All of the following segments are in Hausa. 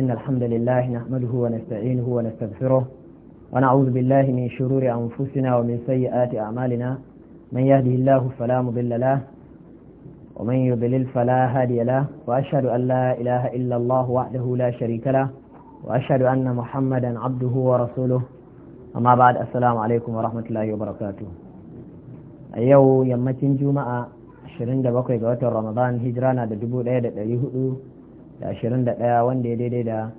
إن الحمد لله نحمده ونستعينه ونستغفره ونعوذ بالله من شرور أنفسنا ومن سيئات أعمالنا من يهده الله فلا مضل له ومن يضلل فلا هادي له وأشهد أن لا إله إلا الله وحده لا شريك له وأشهد أن محمدا عبده ورسوله أما بعد السلام عليكم ورحمة الله وبركاته أيو يمتن جمعة 27 ga watan Ramadan hijira na da 1400 da ashirin da ɗaya wanda ya daidai da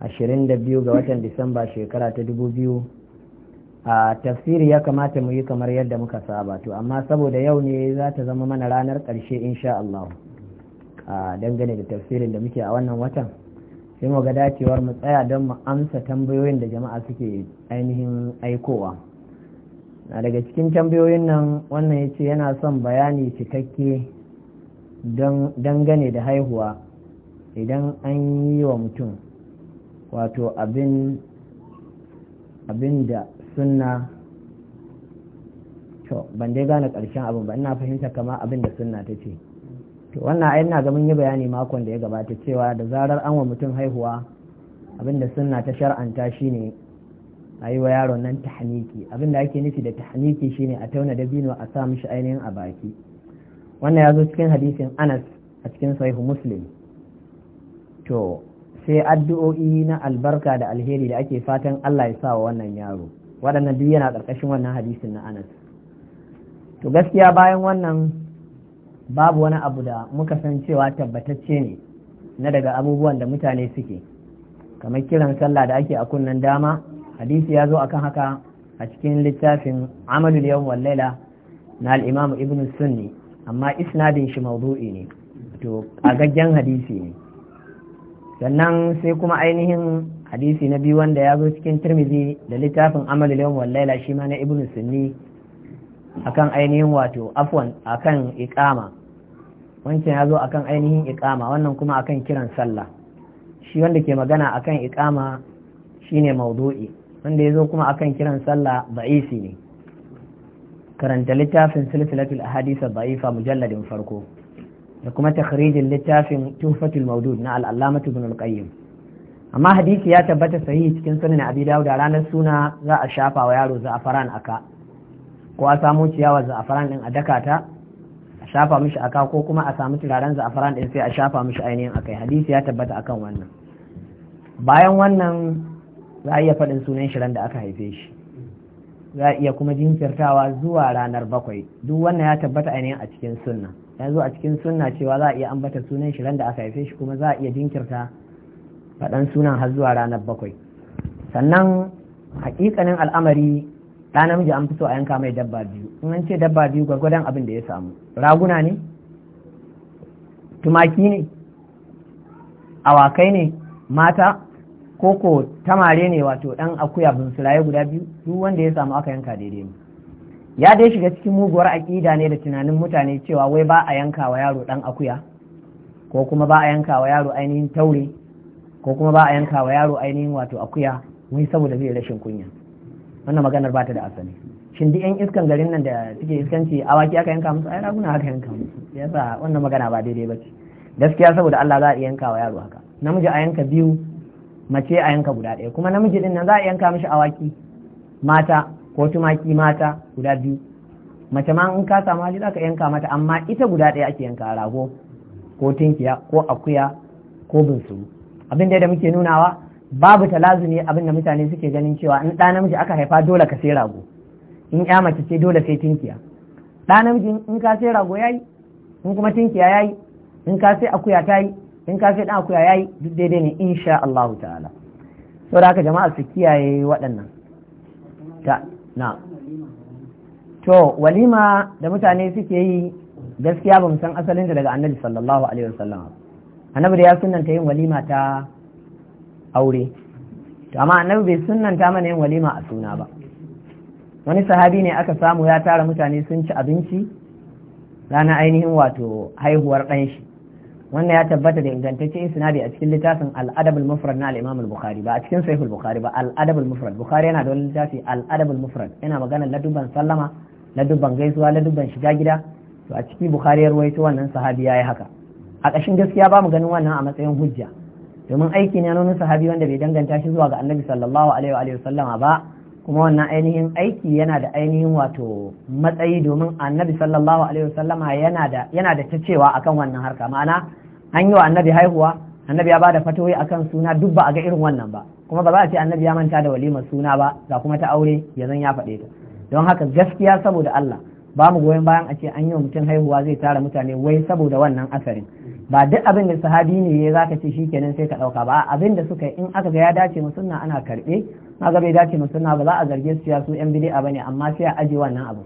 ashirin da biyu ga watan disamba shekara ta dubu biyu a tafsiri ya kamata mu yi kamar yadda muka saba to amma saboda yau ne za ta zama mana ranar ƙarshe insha Allah a dangane da tafsirin da muke a wannan watan sai mu ga dacewar mu tsaya don mu amsa tambayoyin da jama'a suke ainihin aikowa na daga cikin tambayoyin nan wannan ya ce yana son bayani cikakke dangane da haihuwa idan an yi wa mutum wato abin abin da sunna to ban dai gane ƙarshen abin ba ina fahimta kama abin da sunna ta ce to wannan ai ina ga mun yi bayani makon da ya gabata cewa da zarar an wa mutum haihuwa abin da sunna ta shar'anta shine a yi wa yaron nan tahniki abin da ake nufi da tahniki shine a tauna dabino a sa mishi ainihin a baki wannan ya zo cikin hadisin anas a cikin sahihu muslim to sai addu'o'i na albarka da alheri da ake fatan Allah ya sa wa wannan yaro waɗannan duk yana ƙarƙashin wannan hadisin na Anas to gaskiya bayan wannan babu wani abu da muka san cewa tabbatacce ne na daga abubuwan da mutane suke kamar kiran sallah da ake a kunnen dama hadisi ya zo akan haka a cikin littafin amalul yawm wal laila na al-imam ibn sunni amma isnadin shi mawdu'i ne to a gaggen hadisi ne sannan sai kuma ainihin hadisi na biyu wanda ya zo cikin tirmizi da littafin amal yawm wal shi ma na ibnu sunni akan ainihin wato afwan akan iqama wancan ya zo akan ainihin iqama wannan kuma akan kiran sallah shi wanda ke magana akan iqama shine maudu'i wanda ya zo kuma akan kiran sallah ba'isi ne karanta littafin silsilatul ahadisa ba'ifa mujalladin farko da kuma takhrijin littafin tufatul maudud na al'allamatu ibn al-qayyim amma hadisi ya tabbata sahihi cikin sunan abi dawud da ranar suna za a shafa wa yaro za'afaran aka ko a samu ciyawa za'afaran din a dakata a shafa mishi aka ko kuma a samu turaren za'afaran din sai a shafa mishi ainihin akai hadisi ya tabbata akan wannan bayan wannan za a iya faɗin sunan shirin da aka haife shi za a iya kuma jinkirtawa zuwa ranar bakwai duk wannan ya tabbata ainihin a cikin sunna Yanzu a cikin sunna cewa za a iya ambata sunan shi da aka haife shi kuma za a iya jinkirta faɗan sunan har zuwa ranar bakwai sannan hakikanin al'amari ɗa namiji an fito a yanka mai dabba biyu in an ce dabba biyu gwargwadon abin da ya samu raguna ne tumaki ne awakai ne mata koko tamare ne wato ɗan akuya bunsulaye guda biyu duk wanda ya samu aka yanka daidai ne ya dai shiga cikin muguwar aƙida ne da tunanin mutane cewa wai ba a yanka wa yaro ɗan akuya ko kuma ba a yanka wa yaro ainihin taure ko kuma ba a yanka wa yaro ainihin wato akuya wai saboda zai rashin kunya wannan maganar ba ta da asali shin duk yan iskan garin nan da suke iskanci awaki aka yanka musu ai raguna aka yanka musu yasa wannan magana ba daidai ba ce gaskiya saboda Allah za a yanka wa yaro haka namiji a yanka biyu mace a yanka guda ɗaya kuma namiji din nan za a yanka mishi awaki mata ko tumaki mata guda biyu mace ma in ka samu hali zaka yanka mata amma ita guda ɗaya ake yanka rago ko tinkiya ko akuya ko bunsuru abin da muke nunawa babu talazumi abin da mutane suke ganin cewa in ɗa namiji aka haifa dole ka sai rago in ya mace ce dole sai tinkiya ɗa namiji in ka sai rago yayi in kuma tinkiya yayi in ka sai akuya ta yi in ka sai ɗan akuya yayi duk daidai ne insha Allahu ta'ala saboda haka jama'a su kiyaye waɗannan na to walima da mutane suke yi gaskiya ba san asalin da daga annabi sallallahu alaihi wasallam annabi da ya sunanta yin walima ta aure to amma annabi bai sunanta mana yin walima a suna ba wani sahabi ne aka samu ya tara mutane sun ci abinci rana ainihin wato haihuwar ɗan wannan ya tabbata da ingantaccen isnadi a cikin littafin al-adab mufrad na al-imam al-bukhari ba a cikin sahih al-bukhari ba al-adab mufrad bukhari yana da wani littafi al-adab mufrad yana magana ladubban sallama ladubban gaisuwa ladubban shiga gida to a cikin bukhari ya rawaito wannan sahabi yayi haka a ƙashin gaskiya ba mu ganin wannan a matsayin hujja domin aiki ne na sahabi wanda bai danganta shi zuwa ga annabi sallallahu alaihi wa sallama ba kuma wannan ainihin aiki yana da ainihin wato matsayi domin annabi sallallahu alaihi yana da yana da ta cewa akan wannan harka ma'ana an yi wa annabi haihuwa annabi ya ba da a akan suna duk ba a ga irin wannan ba kuma ba za a ce annabi ya manta da walimar suna ba ga kuma ta aure ya zan ya faɗe ta don haka gaskiya saboda Allah ba mu goyon bayan a ce an yi wa mutum haihuwa zai tara mutane wai saboda wannan asarin ba duk abin da sahabi ne ya zaka ce kenan sai ka ɗauka ba abin da suka yi in aka ga ya dace mu suna ana karɓe na ga bai dace mu suna ba za a zarge su ya su yan bid'a bane amma sai a ajiye wannan abu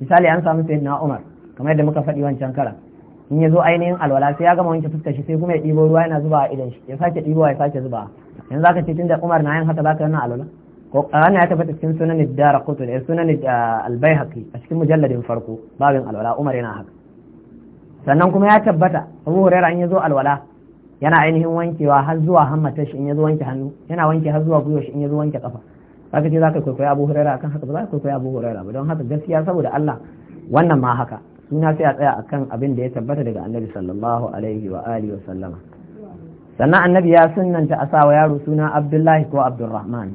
misali an samu sayyidina Umar kamar yadda muka faɗi wancan karan in ya zo ainihin alwala sai ya gama wanke fuskar shi sai kuma ya ɗibo ruwa yana zuba a idan shi ya sake ɗibo ya sake zuba yanzu zaka ce tunda Umar na yin haka zaka yana alwala ko wannan ya tabbata cikin sunan ad-Darqutni da eh, sunan eh, al-Baihaqi a cikin mujalladin farko babin alwala Umar yana haka sannan kuma ya tabbata Abu Hurairah in ya zo alwala yana ainihin wankewa har zuwa hammatar shi in ya zo wanke hannu yana wanke har zuwa gwiwar shi in ya zo wanke kafa zaka ce zaka kwaikwayi Abu Hurairah akan haka ba za ka kwaikwayi Abu Hurairah ba don haka gaskiya saboda Allah wannan ma haka suna sai a tsaya akan abin da ya tabbata daga annabi sallallahu alaihi wa alihi wa sallama sannan annabi ya sunanta a sawa yaro suna abdullahi ko abdurrahman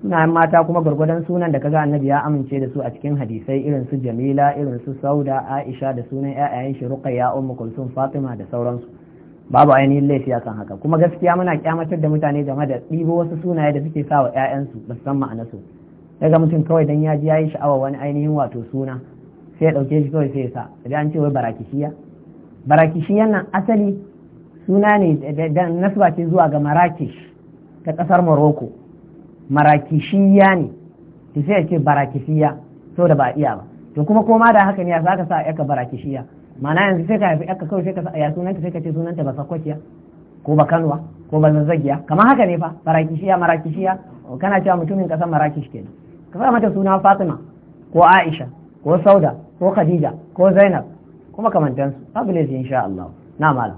sunayen mata kuma gwargwadon sunan da kaga annabi ya amince da su a cikin hadisai irin su jamila irin su sauda aisha da sunan ƴaƴayen shi ruqayya ummu kulsum fatima da sauransu babu ainihin laifi akan haka kuma gaskiya muna kyamatar da mutane game da ɗibo wasu sunaye da suke sawa ƴaƴansu ba su san daga mutum kawai dan ya ji ya yi sha'awa wani ainihin wato suna sai ya ɗauke shi kawai sai ya sa idan an ce wai barakishiya barakishiyan nan asali suna ne da nasba ce zuwa ga marakish ta ƙasar morocco marakishiya ne ta sai ce barakishiya so da ba iya ba to kuma koma da haka ne ya ka sa yaka barakishiya ma'ana yanzu sai ka haifi yaka kawai sai ka sa ya sunanta sai ka ce sunanta ba sakwaciya ko ba kanwa ko ba zazzagiya kamar haka ne fa barakishiya marakishiya kana cewa mutumin ƙasar marakish kenan ka sa mata suna fatima ko aisha ko sauda ko khadija ko zainab kuma makamantansu babu insha Allah na malam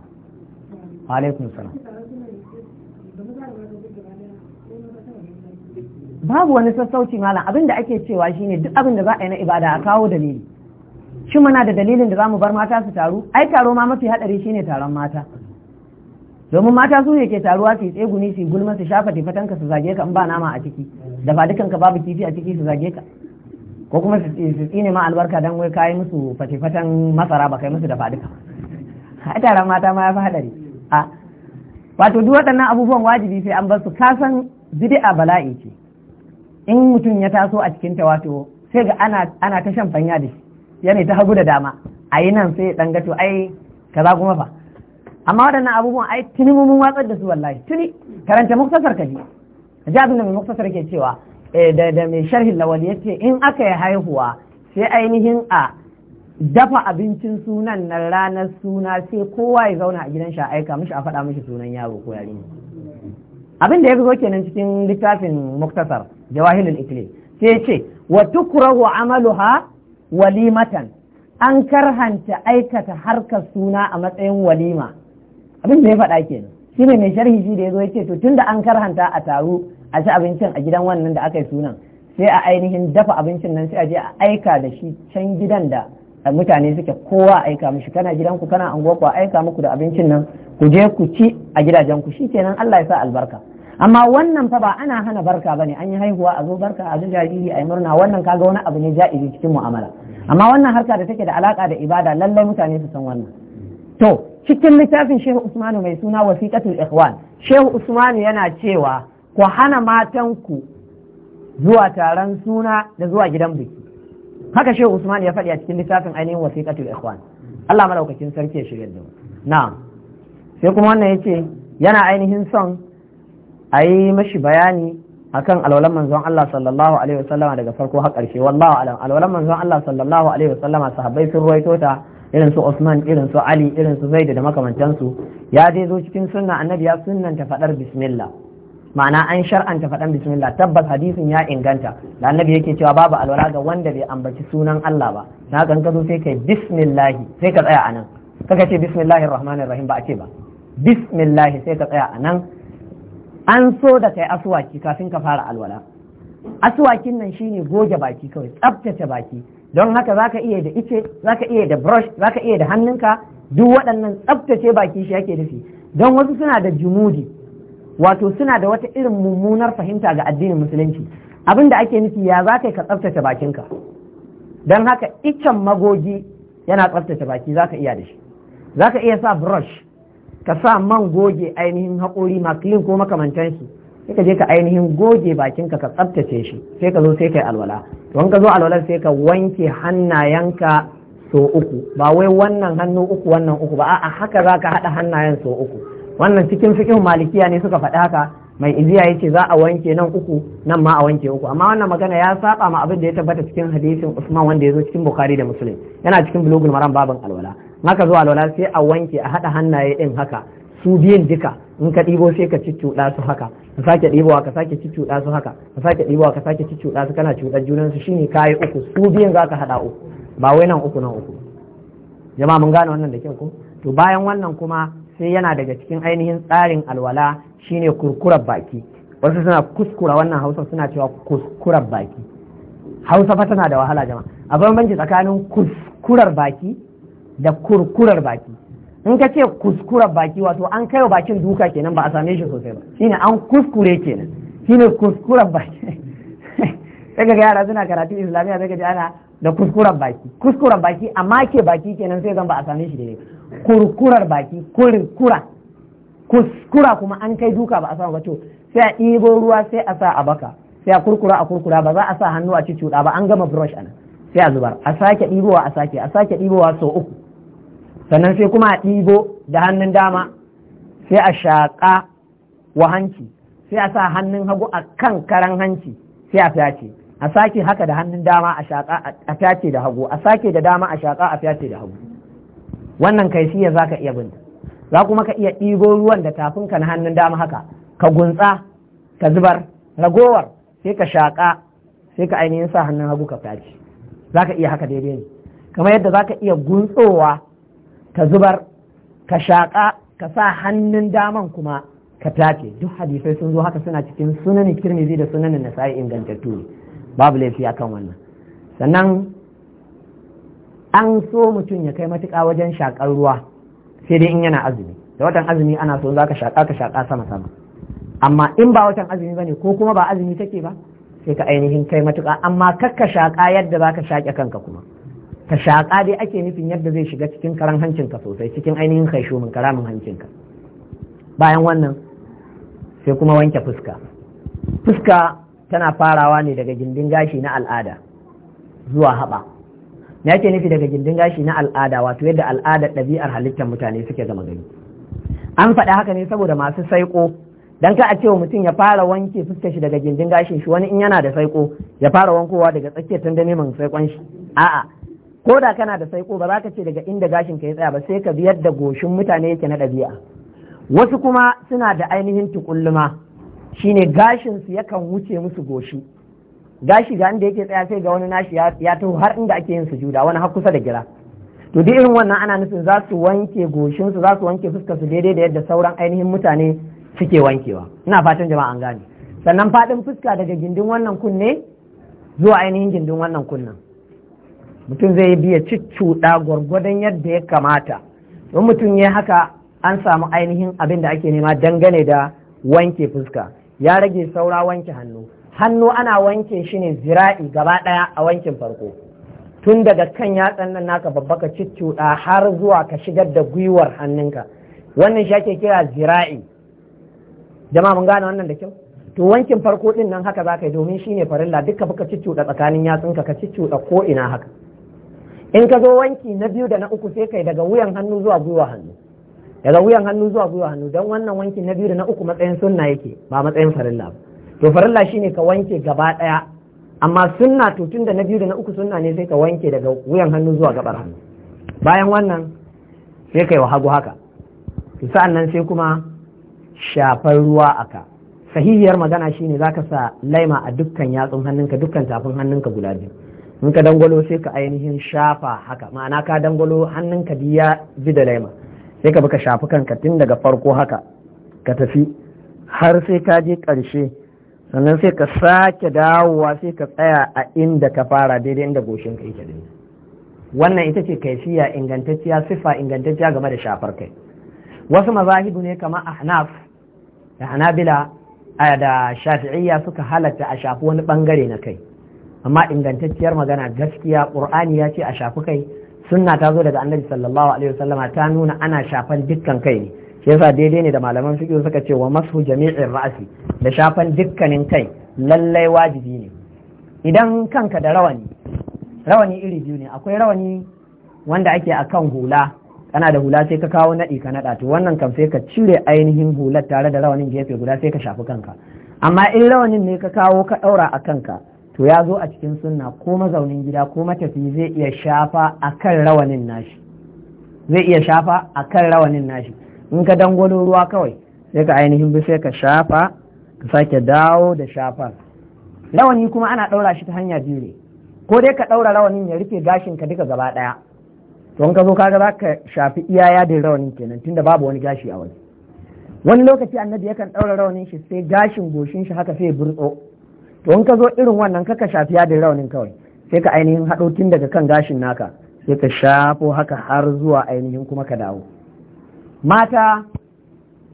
alaikum salam babu wani sassauci malam abin da ake cewa shine duk abin da za a yi na ibada a kawo dalili shi muna da dalilin da za mu bar mata su taru ai taro ma mafi hadari shine taron mata domin mata su ne ke taruwa su yi tseguni su yi gulma su shafa tefatanka su zage ka in ba nama a ciki da ba dukanka babu kifi a ciki su zage ka ko kuma su tsine ma albarka dan wai kayi musu fatifatan masara ba kai musu dafa duka a taron mata ma ya fi hadari a wato duk waɗannan abubuwan wajibi sai an bar su kasan bid'a bala'i ce in mutum ya taso a cikin ta wato sai ga ana ta shan fanya da shi yana ta hagu da dama a yi nan sai ɗan gato ai kaza kuma fa amma waɗannan abubuwan ai tuni mun watsar da su wallahi tuni karanta muktasar kaji ji da mai muktasar ke cewa Eh, da mai sharhin lawal ya ce in aka yi haihuwa sai ainihin a dafa abincin sunan na ranar suna sai kowa ya zauna a gidan shi a aika mishi a faɗa mishi sunan yaro ko yarinya abin da ya zo kenan cikin littafin muktasar jawahilul ikli sai ce wa tukrahu amaluha walimatan an karhanta aikata harkar suna a matsayin walima abin da ya faɗa kenan shi ne mai sharhi shi da ya zo ya ce to tunda an karhanta a taro a ci abincin a gidan wannan da aka yi sunan sai a ainihin dafa abincin nan sai a je a aika da shi can gidan da mutane suke kowa aika mishi kana ku kana anguwa ku aika muku da abincin nan ku je ku ci a gidajen ku shi kenan Allah ya sa albarka amma wannan fa ba ana hana barka bane an yi haihuwa a zo barka a zo jariri a yi murna wannan kaga wani abu ne ja'izi cikin mu'amala amma wannan harka da take da alaka da ibada lallai mutane su san wannan to cikin littafin Shehu Usmanu mai suna Wasiqatul Ikhwan Shehu Usmanu yana cewa ku hana matanku zuwa taron suna da zuwa gidan biki haka shehu usman ya faɗi a cikin littafin ainihin wasiqatul ikhwan Allah madaukakin sarki ya shirya da na'am sai kuma wannan yace yana ainihin son a yi mashi bayani akan alwalan manzon Allah sallallahu alaihi wasallama daga farko har ƙarshe wallahu alam alwalan manzon Allah sallallahu alaihi wasallama sahabbai sun ruwaito ta irin su Usman irin su Ali irin su Zaid da makamantansu ya dai zo cikin sunna annabi ya sunnanta fadar bismillah ma'ana an shar'anta faɗan bismillah tabbas hadisin ya inganta da annabi yake cewa babu alwala ga wanda bai ambaci sunan Allah ba na kan ka zo sai kai bismillah sai ka tsaya anan kaga ce bismillahir rahmanir rahim ba a ce ba bismillah sai ka tsaya anan an so da kai aswaki kafin ka fara alwala aswakin nan shine goge baki kawai tsaftace baki don haka zaka iya da ice zaka iya da brush zaka iya da hannunka duk waɗannan tsaftace baki shi yake nufi don wasu suna da jumudi wato suna da wata irin mummunar fahimta ga addinin musulunci abin da ake nufi ya za ka ka tsaftace bakinka don haka iccen magogi yana tsaftace baki za ka iya da shi za ka iya sa brush ka sa man goge ainihin haƙori makilin ko shi sai ka je ka ainihin goge bakinka ka tsaftace shi sai ka zo sai ka yi alwala don ka zo alwalar sai ka wanke hannayenka so uku ba wai wannan hannu uku wannan uku ba a'a haka za ka haɗa hannayen sau uku wannan cikin fiqh malikiya ne suka faɗi haka mai iziya yace za a wanke nan uku nan ma a wanke uku amma wannan magana ya saba ma abin da ya tabbata cikin hadisin Usman wanda ya zo cikin Bukhari da Muslim yana cikin bulugul maram babin alwala maka zuwa alwala sai a wanke a hada hannaye din haka su biyan duka in ka ɗibo sai ka cuccuɗa su haka ka sake ɗibowa ka sake cuccuɗa su haka ka sake ɗibowa ka sake cuccuɗa su kana cuɗar junan su shine kayi uku su biyan za ka haɗa uku ba wai nan uku nan uku jama'a mun gane wannan da kyau ko to bayan wannan kuma sai yana daga cikin ainihin tsarin alwala shine kurkurar baki wasu suna kuskura wannan hausa suna cewa kuskurar baki hausa fa tana da wahala jama a bambanci tsakanin kuskurar baki da kurkurar baki in ka ce kuskurar baki wato an kaiwa bakin duka kenan ba a same shi sosai ba shine an kuskure kenan shine kuskurar baki sai ga yara suna karatu islamiyya sai ga ana da kuskurar baki kuskurar baki amma ke baki kenan sai zan ba a same shi daidai kurkurar baki kurkura kuskura kuma an kai duka ba a sa ba to sai a ɗibo ruwa sai a sa a baka sai a kurkura a kurkura ba za a sa hannu a ci cuɗa ba an gama brush ana sai a zubar a sake ɗibowa a sake a sake ɗibowa sau uku sannan sai kuma a ɗibo da hannun dama sai a shaƙa wa hanci sai a sa hannun hagu a kan karan hanci sai a fyace a sake haka da hannun dama a shaƙa a fyace da hagu a sake da dama a shaƙa a fyace da hagu wannan kaifiyar za ka iya binta za kuma ka iya ɗigo ruwan da tafinka na hannun dama haka ka guntsa ka zubar ragowar sai ka shaƙa sai ka ainihin sa hannun hagu ka tashi za ka iya haka daidai ne kamar yadda za ka iya guntsowa ka zubar ka shaƙa ka sa hannun daman kuma ka tace duk hadisai sun zo haka suna cikin sunanin kirmizi da sunanin nasa'i ingantattu babu laifi akan wannan sannan an so mutum ya kai matuƙa wajen shakar ruwa sai dai in yana azumi da watan azumi ana so za ka shaƙa ka shaƙa sama sama amma in ba watan azumi ba ne ko kuma ba azumi take ba sai ka ainihin kai matuƙa amma ka shaƙa yadda za ka shaƙe kanka kuma ka shaƙa dai ake nufin yadda zai shiga cikin karan hancinka sosai cikin ainihin kai shomin karamin hancinka bayan wannan sai kuma wanke fuska fuska tana farawa ne daga gindin gashi na al'ada zuwa haɓa me ake nufi daga gindin gashi na al'ada wato yadda al'adar ɗabi'ar halittar mutane suke zama gari an faɗa haka ne saboda masu saiko dan ka a cewa mutum ya fara wanke fuskar shi daga gindin gashin shi wani in yana da saiko ya fara wankowa daga tsakiyar tandame man saikon shi a'a ko da kana da saiko ba za ka ce daga inda gashin ka ya tsaya ba sai ka bi yadda goshin mutane yake na ɗabi'a wasu kuma suna da ainihin tukulluma shine gashin su yakan wuce musu goshi gashi ga inda yake tsaya sai ga wani nashi ya taho har inda ake yin sujuda wani har kusa da gira to duk irin wannan ana nufin za su wanke goshin su za su wanke fuskar su daidai da yadda sauran ainihin mutane suke wankewa ina fatan jama'a an gane sannan fadin fuska daga gindin wannan kunne zuwa ainihin gindin wannan kunnen mutum zai biya cuccuɗa gwargwadon yadda ya kamata don mutum ya haka an samu ainihin abin da ake nema dangane da wanke fuska ya rage saura wanke hannu hannu ana wankin shi ne zira'i gaba ɗaya a wankin farko tun daga kan yatsan nan naka babba ka cuccuɗa har zuwa ka shigar da gwiwar hannunka wannan shi ake kira zira'i jama'a mun gane wannan da kyau to wankin farko din nan haka za ka yi domin shi ne farilla duka ka cuccuɗa tsakanin yatsunka ka cuccuɗa ko ina haka in ka zo wanki na biyu da na uku sai kai daga wuyan hannu zuwa gwiwar hannu daga wuyan hannu zuwa gwiwar hannu don wannan wanki na biyu da na uku matsayin sunna yake ba matsayin farilla ba to farilla shine ka wanke gaba ɗaya. amma sunna to tunda na biyu da na uku sunna ne sai ka wanke daga wuyan hannu zuwa gabar hannu bayan wannan sai kai wa hagu haka sa'an nan sai kuma shafar ruwa aka sahihiyar magana shine zaka sa laima a dukkan yatsun hannunka dukkan tafin hannunka guda biyu in ka dangwalo sai ka ainihin shafa haka ma'ana ka dangwalo hannunka biya bi da laima sai ka baka shafi kanka tun daga farko haka ka tafi har sai ka je ƙarshe sannan sai ka sake dawowa sai ka tsaya a inda ka fara daidai inda goshin ka yake daidai wannan ita ce kaifiya ingantacciya sifa ingantacciya game da shafar kai wasu mazahibu ne kamar ahnaf da hanabila da shafi'iyya suka halatta a shafi wani bangare na kai amma ingantacciyar magana gaskiya qur'ani ya ce a shafi kai sunna ta zo daga annabi sallallahu alaihi wasallama ta nuna ana shafan dukkan kai ne shi yasa daidai ne da malaman fiqh suka ce wa masu jami'in ra'asi da shafan dukkanin kai lallai wajibi ne idan kanka da rawani rawani iri biyu ne akwai rawani wanda ake akan hula kana da hula sai ka kawo naɗi ka naɗa to wannan kan sai ka cire ainihin hula tare da rawanin gefe guda sai ka shafi kanka amma in rawanin ne ka kawo ka ɗaura a kanka to ya zo a cikin sunna ko mazaunin gida ko matafi zai iya shafa a rawanin zai iya shafa akan rawanin nashi in ka dangwalo ruwa kawai sai ka ainihin bi sai ka shafa ka sake dawo da shafar rawani kuma ana ɗaura shi ta hanya biyu ne ko dai ka ɗaura rawanin ya rufe gashin ka duka gaba ɗaya to in ka zo kaga za ka shafi iya da rawanin kenan tunda babu wani gashi a wani wani lokaci annabi yakan ɗaura rawanin shi sai gashin goshin shi haka sai ya burtso to in ka zo irin wannan ka shafi da rawanin kawai sai ka ainihin haɗo tun daga kan gashin naka sai ka shafo haka har zuwa ainihin kuma ka dawo mata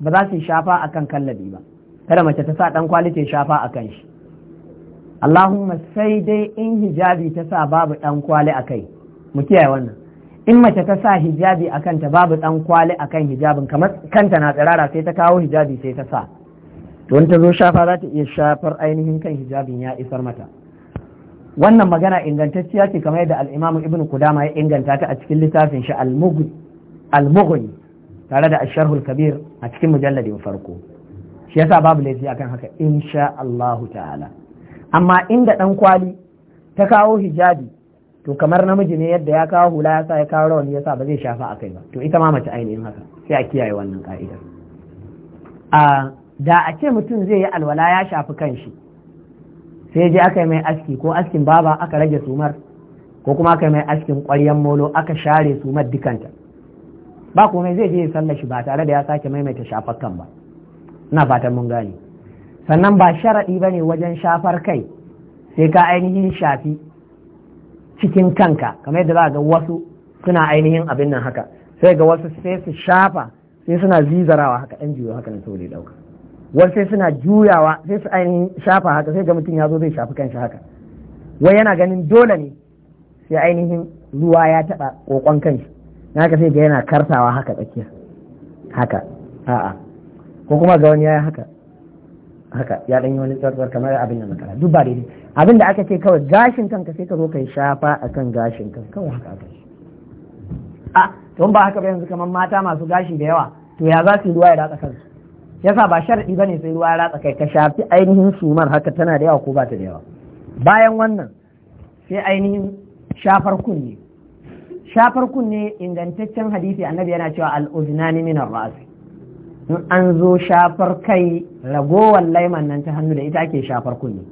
ba za su shafa a kan kallabi ba kada mace ta sa dan kwali ta shafa a kan shi Allahumma sai dai in hijabi ta sa babu dan kwali akai mu kiyaye wannan in mace ta sa hijabi a kanta babu dan kwali a kan hijabin kamar kanta na tsirara sai ta kawo hijabi sai ta sa to ta zo shafa za ta iya shafar ainihin kan hijabin ya isar mata wannan magana ingantacciya ce kamar yadda al'imamu ibn kudama ya inganta ta a cikin littafin shi al-mughni tare da asharhul kabir a cikin mujalladin farko shi yasa babu laifi akan haka insha Allahu ta'ala amma inda dan kwali ta kawo hijabi to kamar namiji ne yadda ya kawo hula ya sa ya kawo rawani ya sa ba zai shafa a kai ba to ita ma mace ainihin haka sai a kiyaye wannan ka'ida a da a ce mutum zai yi alwala ya shafi kanshi sai je aka yi mai aski ko askin baba aka rage sumar ko kuma aka yi mai askin ƙwaryen molo aka share sumar dukanta ba komai zai je ya sallar shi ba tare da ya sake maimaita shafar kan ba ina fatan mun gane sannan ba sharaɗi ba ne wajen shafar kai sai ka ainihin shafi cikin kanka kamar yadda za ga wasu suna ainihin abin nan haka sai ga wasu sai su shafa sai suna zizarawa haka ɗan jiwo haka na saboda ya ɗauka wasu sai suna juyawa sai su ainihin shafa haka sai ga mutum ya zo zai shafi kanshi haka wai yana ganin dole ne sai ainihin ruwa ya taɓa ƙoƙon kanshi ka sai ga yana kartawa haka tsakiya haka a'a ko kuma ga wani yayi haka haka ya dan yi wani tsartsar kamar abin nan makara duk ba daidai abin da aka ce kawai gashin kan ka sai ka zo kai shafa akan gashin kan kawai haka aka ce. a to ba haka ba yanzu kamar mata masu gashi da yawa to ya za su yi ruwa ya ratsa kansu yasa ba sharadi bane sai ruwa ya ratsa kai ka shafi ainihin sumar haka tana da yawa ko ba ta da yawa bayan wannan sai ainihin shafar kunne shafar kunne ingantaccen hadisi annabi yana cewa al'uzinani min ra'si in an zo shafar kai ragowar laiman nan ta hannu da ita ake shafar kunne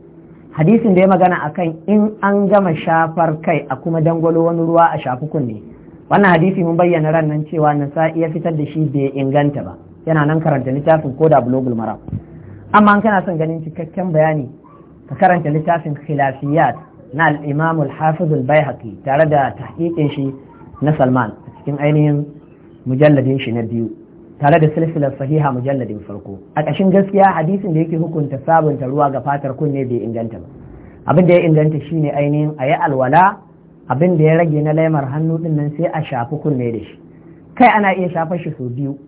hadisin da ya magana akan in an gama shafar kai a kuma dangwalo wani ruwa a shafi kunne wannan hadisi mun bayyana ran nan cewa sa iya fitar da shi bai inganta ba yana nan karanta littafin ko da blogul mara amma an kana son ganin cikakken bayani ka karanta littafin khilafiyat na al Hafizul Baihaki, tare da tahqiqin shi na salman a cikin ainihin mujalladin shi na biyu tare da silsilar sahiha mujalladin farko a ƙashin gaskiya hadisin da yake hukunta sabunta ruwa ga fatar kunne bai inganta ba abin da ya inganta shine ainihin a yi alwala abin da ya rage na laimar hannu din nan sai a shafi kunne da shi kai ana iya shafar shi sau biyu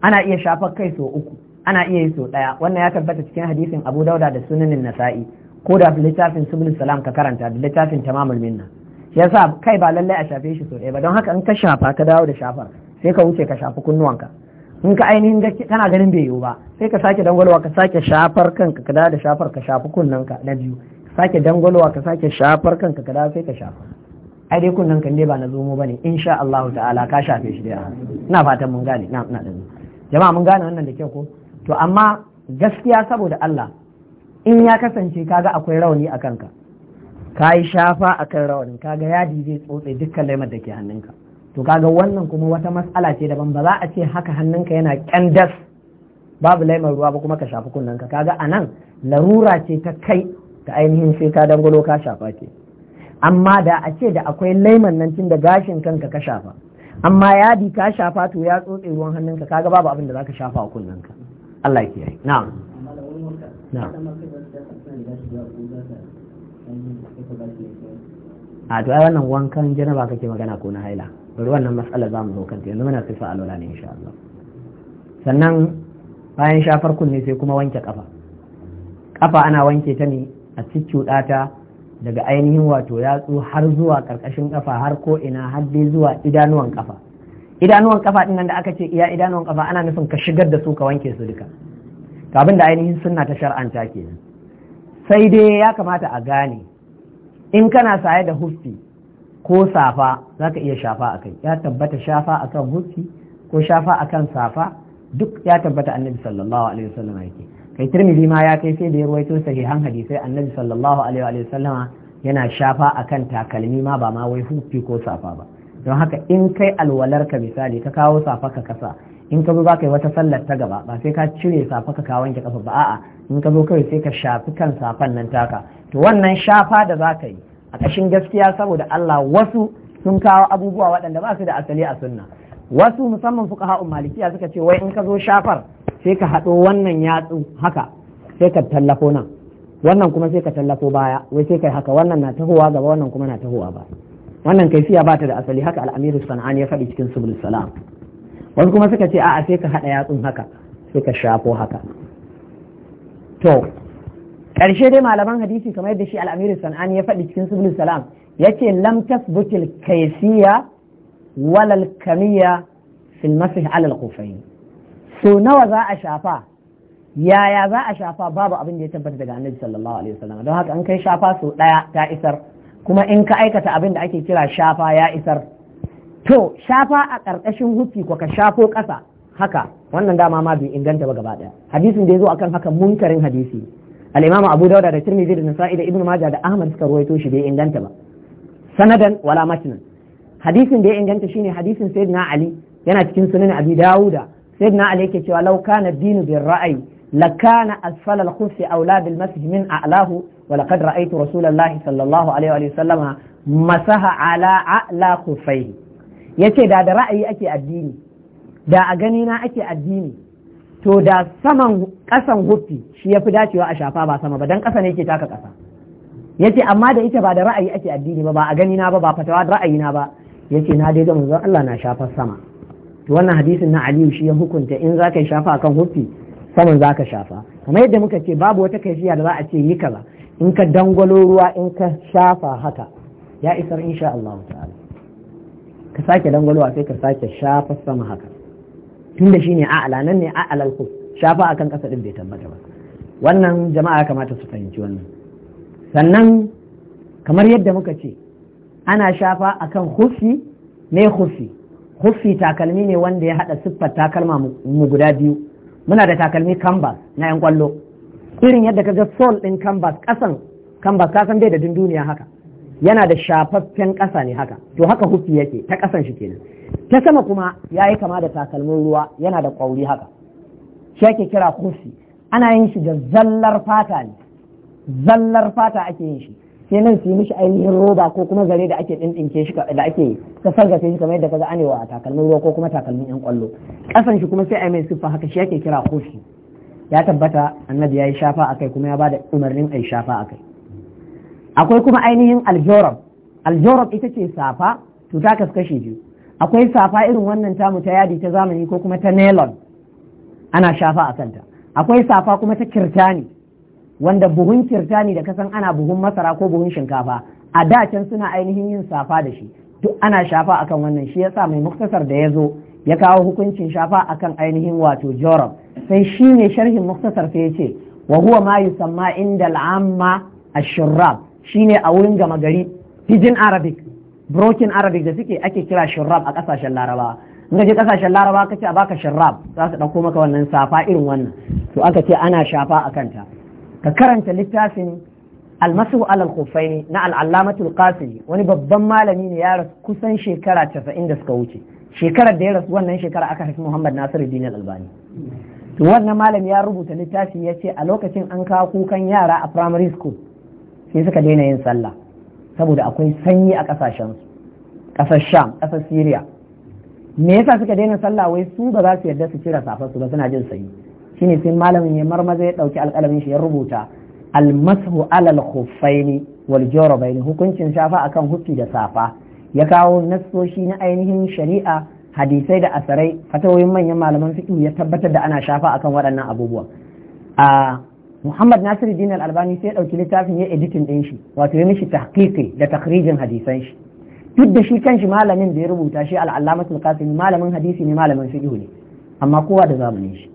ana iya shafar kai sau uku ana iya yi sau ɗaya wannan ya tabbata cikin hadisin abu dauda da sunanin nasa'i ko da littafin subul salam ka karanta da littafin tamamul minna yasa kai ba lallai a shafe shi so ɗaya ba don haka in ka shafa ka dawo da shafar sai ka wuce ka shafi kunnuwanka in ka ainihin da kana ganin bai yiwu ba sai ka sake dangwalwa ka sake shafar kanka ka dawo da shafar ka shafi kunnanka na biyu sake dangwalwa ka sake shafar kanka ka dawo sai ka shafa ai dai kunnan kan dai ba na zomo bane insha Allah ta'ala ka shafe shi dai ina fatan mun gane na ina din jama'a mun gane wannan da kyau ko to amma gaskiya saboda Allah in ya kasance kaga akwai rauni a kanka ka yi shafa a kan rawanin kaga yadi zai tsotse dukkan laimar da ke hannunka to kaga wannan kuma wata matsala ce daban ba za a ce haka hannunka yana kyandas babu laimar ruwa ba kuma ka shafi kunnenka kaga a nan larura ce ta kai ta ainihin sai ka dangwalo ka shafa ke amma da a ce da akwai laiman nan tun da gashin kanka ka shafa amma yadi ka shafa to ya tsotse ruwan hannunka kaga babu abin da za ka shafa a kunnenka Allah ya kiyaye na'am na'am a to ai wannan wankan janaba kake magana ko na haila bari wannan matsalar zamu mu zo kanta yanzu muna sifa alwala ne insha Allah sannan bayan shafar kunne sai kuma wanke kafa kafa ana wanke ta ne a cikin ta daga ainihin wato yatsu har zuwa karkashin kafa har ko ina har dai zuwa idanuwan kafa idanuwan kafa din nan da aka ce iya idanuwan kafa ana nufin ka shigar da su ka wanke su duka abin da ainihin sunna ta shar'anta kenan sai dai ya kamata a gane in kana saye da huffi ko safa za ka iya shafa a kai ya tabbata shafa a kan huffi ko shafa a kan safa duk ya tabbata annabi sallallahu alaihi wasallama yake kai tirmidhi ma ya kai sai da ya ruwaito sahihan hadisai annabi sallallahu alaihi wasallama yana shafa akan takalmi ma ba ma wai huffi ko safa ba don haka in kai alwalarka misali ka kawo safa ka kasa in ka zo za ka yi wata sallar ta gaba ba sai ka cire safa ka ka wanke kafa ba a'a in ka zo kawai sai ka shafi kan safan nan taka to wannan shafa da za ka yi a ƙashin gaskiya saboda Allah wasu sun kawo abubuwa waɗanda ba su da asali a sunna wasu musamman fuka fuqaha malikiya suka ce wai in ka zo shafar sai ka haɗo wannan yatsu haka sai ka tallafo nan wannan kuma sai ka tallafo baya wai sai kai haka wannan na tahowa gaba wannan kuma na tahowa ba wannan kaifiya ba ta da asali haka al'amiru amiru sana'ani ya faɗi cikin subul salam wasu kuma suka ce a'a sai ka haɗa yatsun haka sai ka shafo haka to ƙarshe dai malaman hadisi kamar yadda shi al'amiru san'an ya faɗi cikin subul salam ya ce lam tasbutil kaisiya walal kamiya fil masih alal kufayi so nawa za a shafa yaya za a shafa babu abin da ya tabbata daga annabi sallallahu alaihi wasallam don haka in kai shafa so ɗaya ta isar kuma in ka aikata abin da ake kira shafa ya isar to shafa a ƙarƙashin hufi ko ka shafo ƙasa haka wannan dama ma bai inganta ba gaba ɗaya hadisin da ya zo akan haka munkarin hadisi al-imamu abu dauda da tirmidhi da nasa'i da ibnu majah da ahmad suka ruwaito shi bai inganta ba sanadan wala matnan hadisin da ya inganta shine hadisin sayyidina ali yana cikin sunan abi dauda sayyidina ali yake cewa law kana dinu bir ra'ayi lakana asfala al-khuffi awla bil masjid a'lahu wa laqad ra'aytu rasulullahi sallallahu alaihi wa sallama masaha ala yace da da ra'ayi ake addini da a gani na ake addini to da saman kasan hufi shi yafi dacewa a shafa ba sama ba don kasa ne yake taka kasa yace amma da ita ba da ra'ayi ake addini ba ba a gani na ba ba fatawa ra'ayi na ba yace na dai ga manzon Allah na shafa sama to wannan hadisin na Aliyu shi ya hukunta in zaka shafa akan hufi, saman zaka shafa kamar yadda muka ce babu wata kaifiya da za a ce yi kaza in ka dangwalo ruwa in ka shafa haka ya isar insha Allah ta'ala ka sake dangwalowa sai ka sake shafa sama haka tunda ne a'ala nan ne a'alal khuf shafa akan kasa din bai tabbata ba wannan jama'a kamata su fahimci wannan sannan kamar yadda muka ce ana shafa akan hufi ne hufi hufi takalmi ne wanda ya haɗa siffar takalma mu guda biyu muna da takalmi canvas na yan kwallo irin yadda ka ga sol ɗin canvas kasan canvas kasan bai da dunduniya haka yana da shafaffen ƙasa ne haka to haka hufi yake ta ƙasan shi kenan ta sama kuma ya yi kama da takalmin ruwa yana da ƙwauri haka shi ake kira hufi ana yin shi da zallar fata ne zallar fata ake yin shi sai nan su yi mishi ainihin roba ko kuma zare da ake ɗinɗinke shi da ake ka sargace shi kamar yadda ga anewa a takalmin ruwa ko kuma takalmin ƴan ƙwallo ƙasan shi kuma sai a yi mai siffa haka shi ake kira hufi ya tabbata annabi ya yi shafa akai kuma ya ba da umarnin a yi shafa akai akwai kuma ainihin aljorab. Aljorab ita ce safa to ta biyu akwai safa irin wannan tamu ta yadi ta zamani ko kuma ta nylon ana shafa a kanta akwai safa kuma ta kirtani wanda buhun kirtani da kasan ana buhun masara ko buhun shinkafa a da can suna ainihin yin safa da shi duk ana shafa akan wannan shi yasa mai muktasar da ya zo ya kawo hukuncin shafa akan ainihin wato jorab sai shi ne sharhin muktasar sai ya ce wa huwa ma yusamma inda al'amma ash shine a wurin gama gari pidgin arabic burokin arabic da suke ake kira shirab a kasashen larabawa in kasashen larabawa ka baka shirab za su ɗauko maka wannan safa irin wannan to aka ce ana shafa a kanta ka karanta littafin almasu alal khufaini na al'allamatul qasimi wani babban malami ne ya rasu kusan shekara 90 da suka wuce shekarar da ya rasu wannan shekara aka haifi Muhammad Nasiruddin Albani to wannan malam ya rubuta littafi ya ce a lokacin an kawo kukan yara a primary school sai suka daina yin sallah saboda akwai sanyi a kasashen su kasar sham kasar syria me yasa suka daina sallah wai su ba za su yarda su cire safarsu su ba suna jin sanyi shine sai malamin ya marmaza ya ɗauki alƙalamin shi ya rubuta almasu alal khuffaini wal hukuncin shafa akan huffi da safa ya kawo nassoshi na ainihin shari'a hadisai da asarai fatawoyin manyan malaman fiqh ya tabbatar da ana shafa akan waɗannan abubuwa a ah, Muhammad Nasiruddin Al-Albani sai ɗauki littafin ya editin din shi wato ya mishi tahqiqi da takhrijin hadisan shi duk da shi kanshi malamin da ya rubuta shi al-Allamah al malamin hadisi ne malamin fiqh ne amma kowa da zamanin shi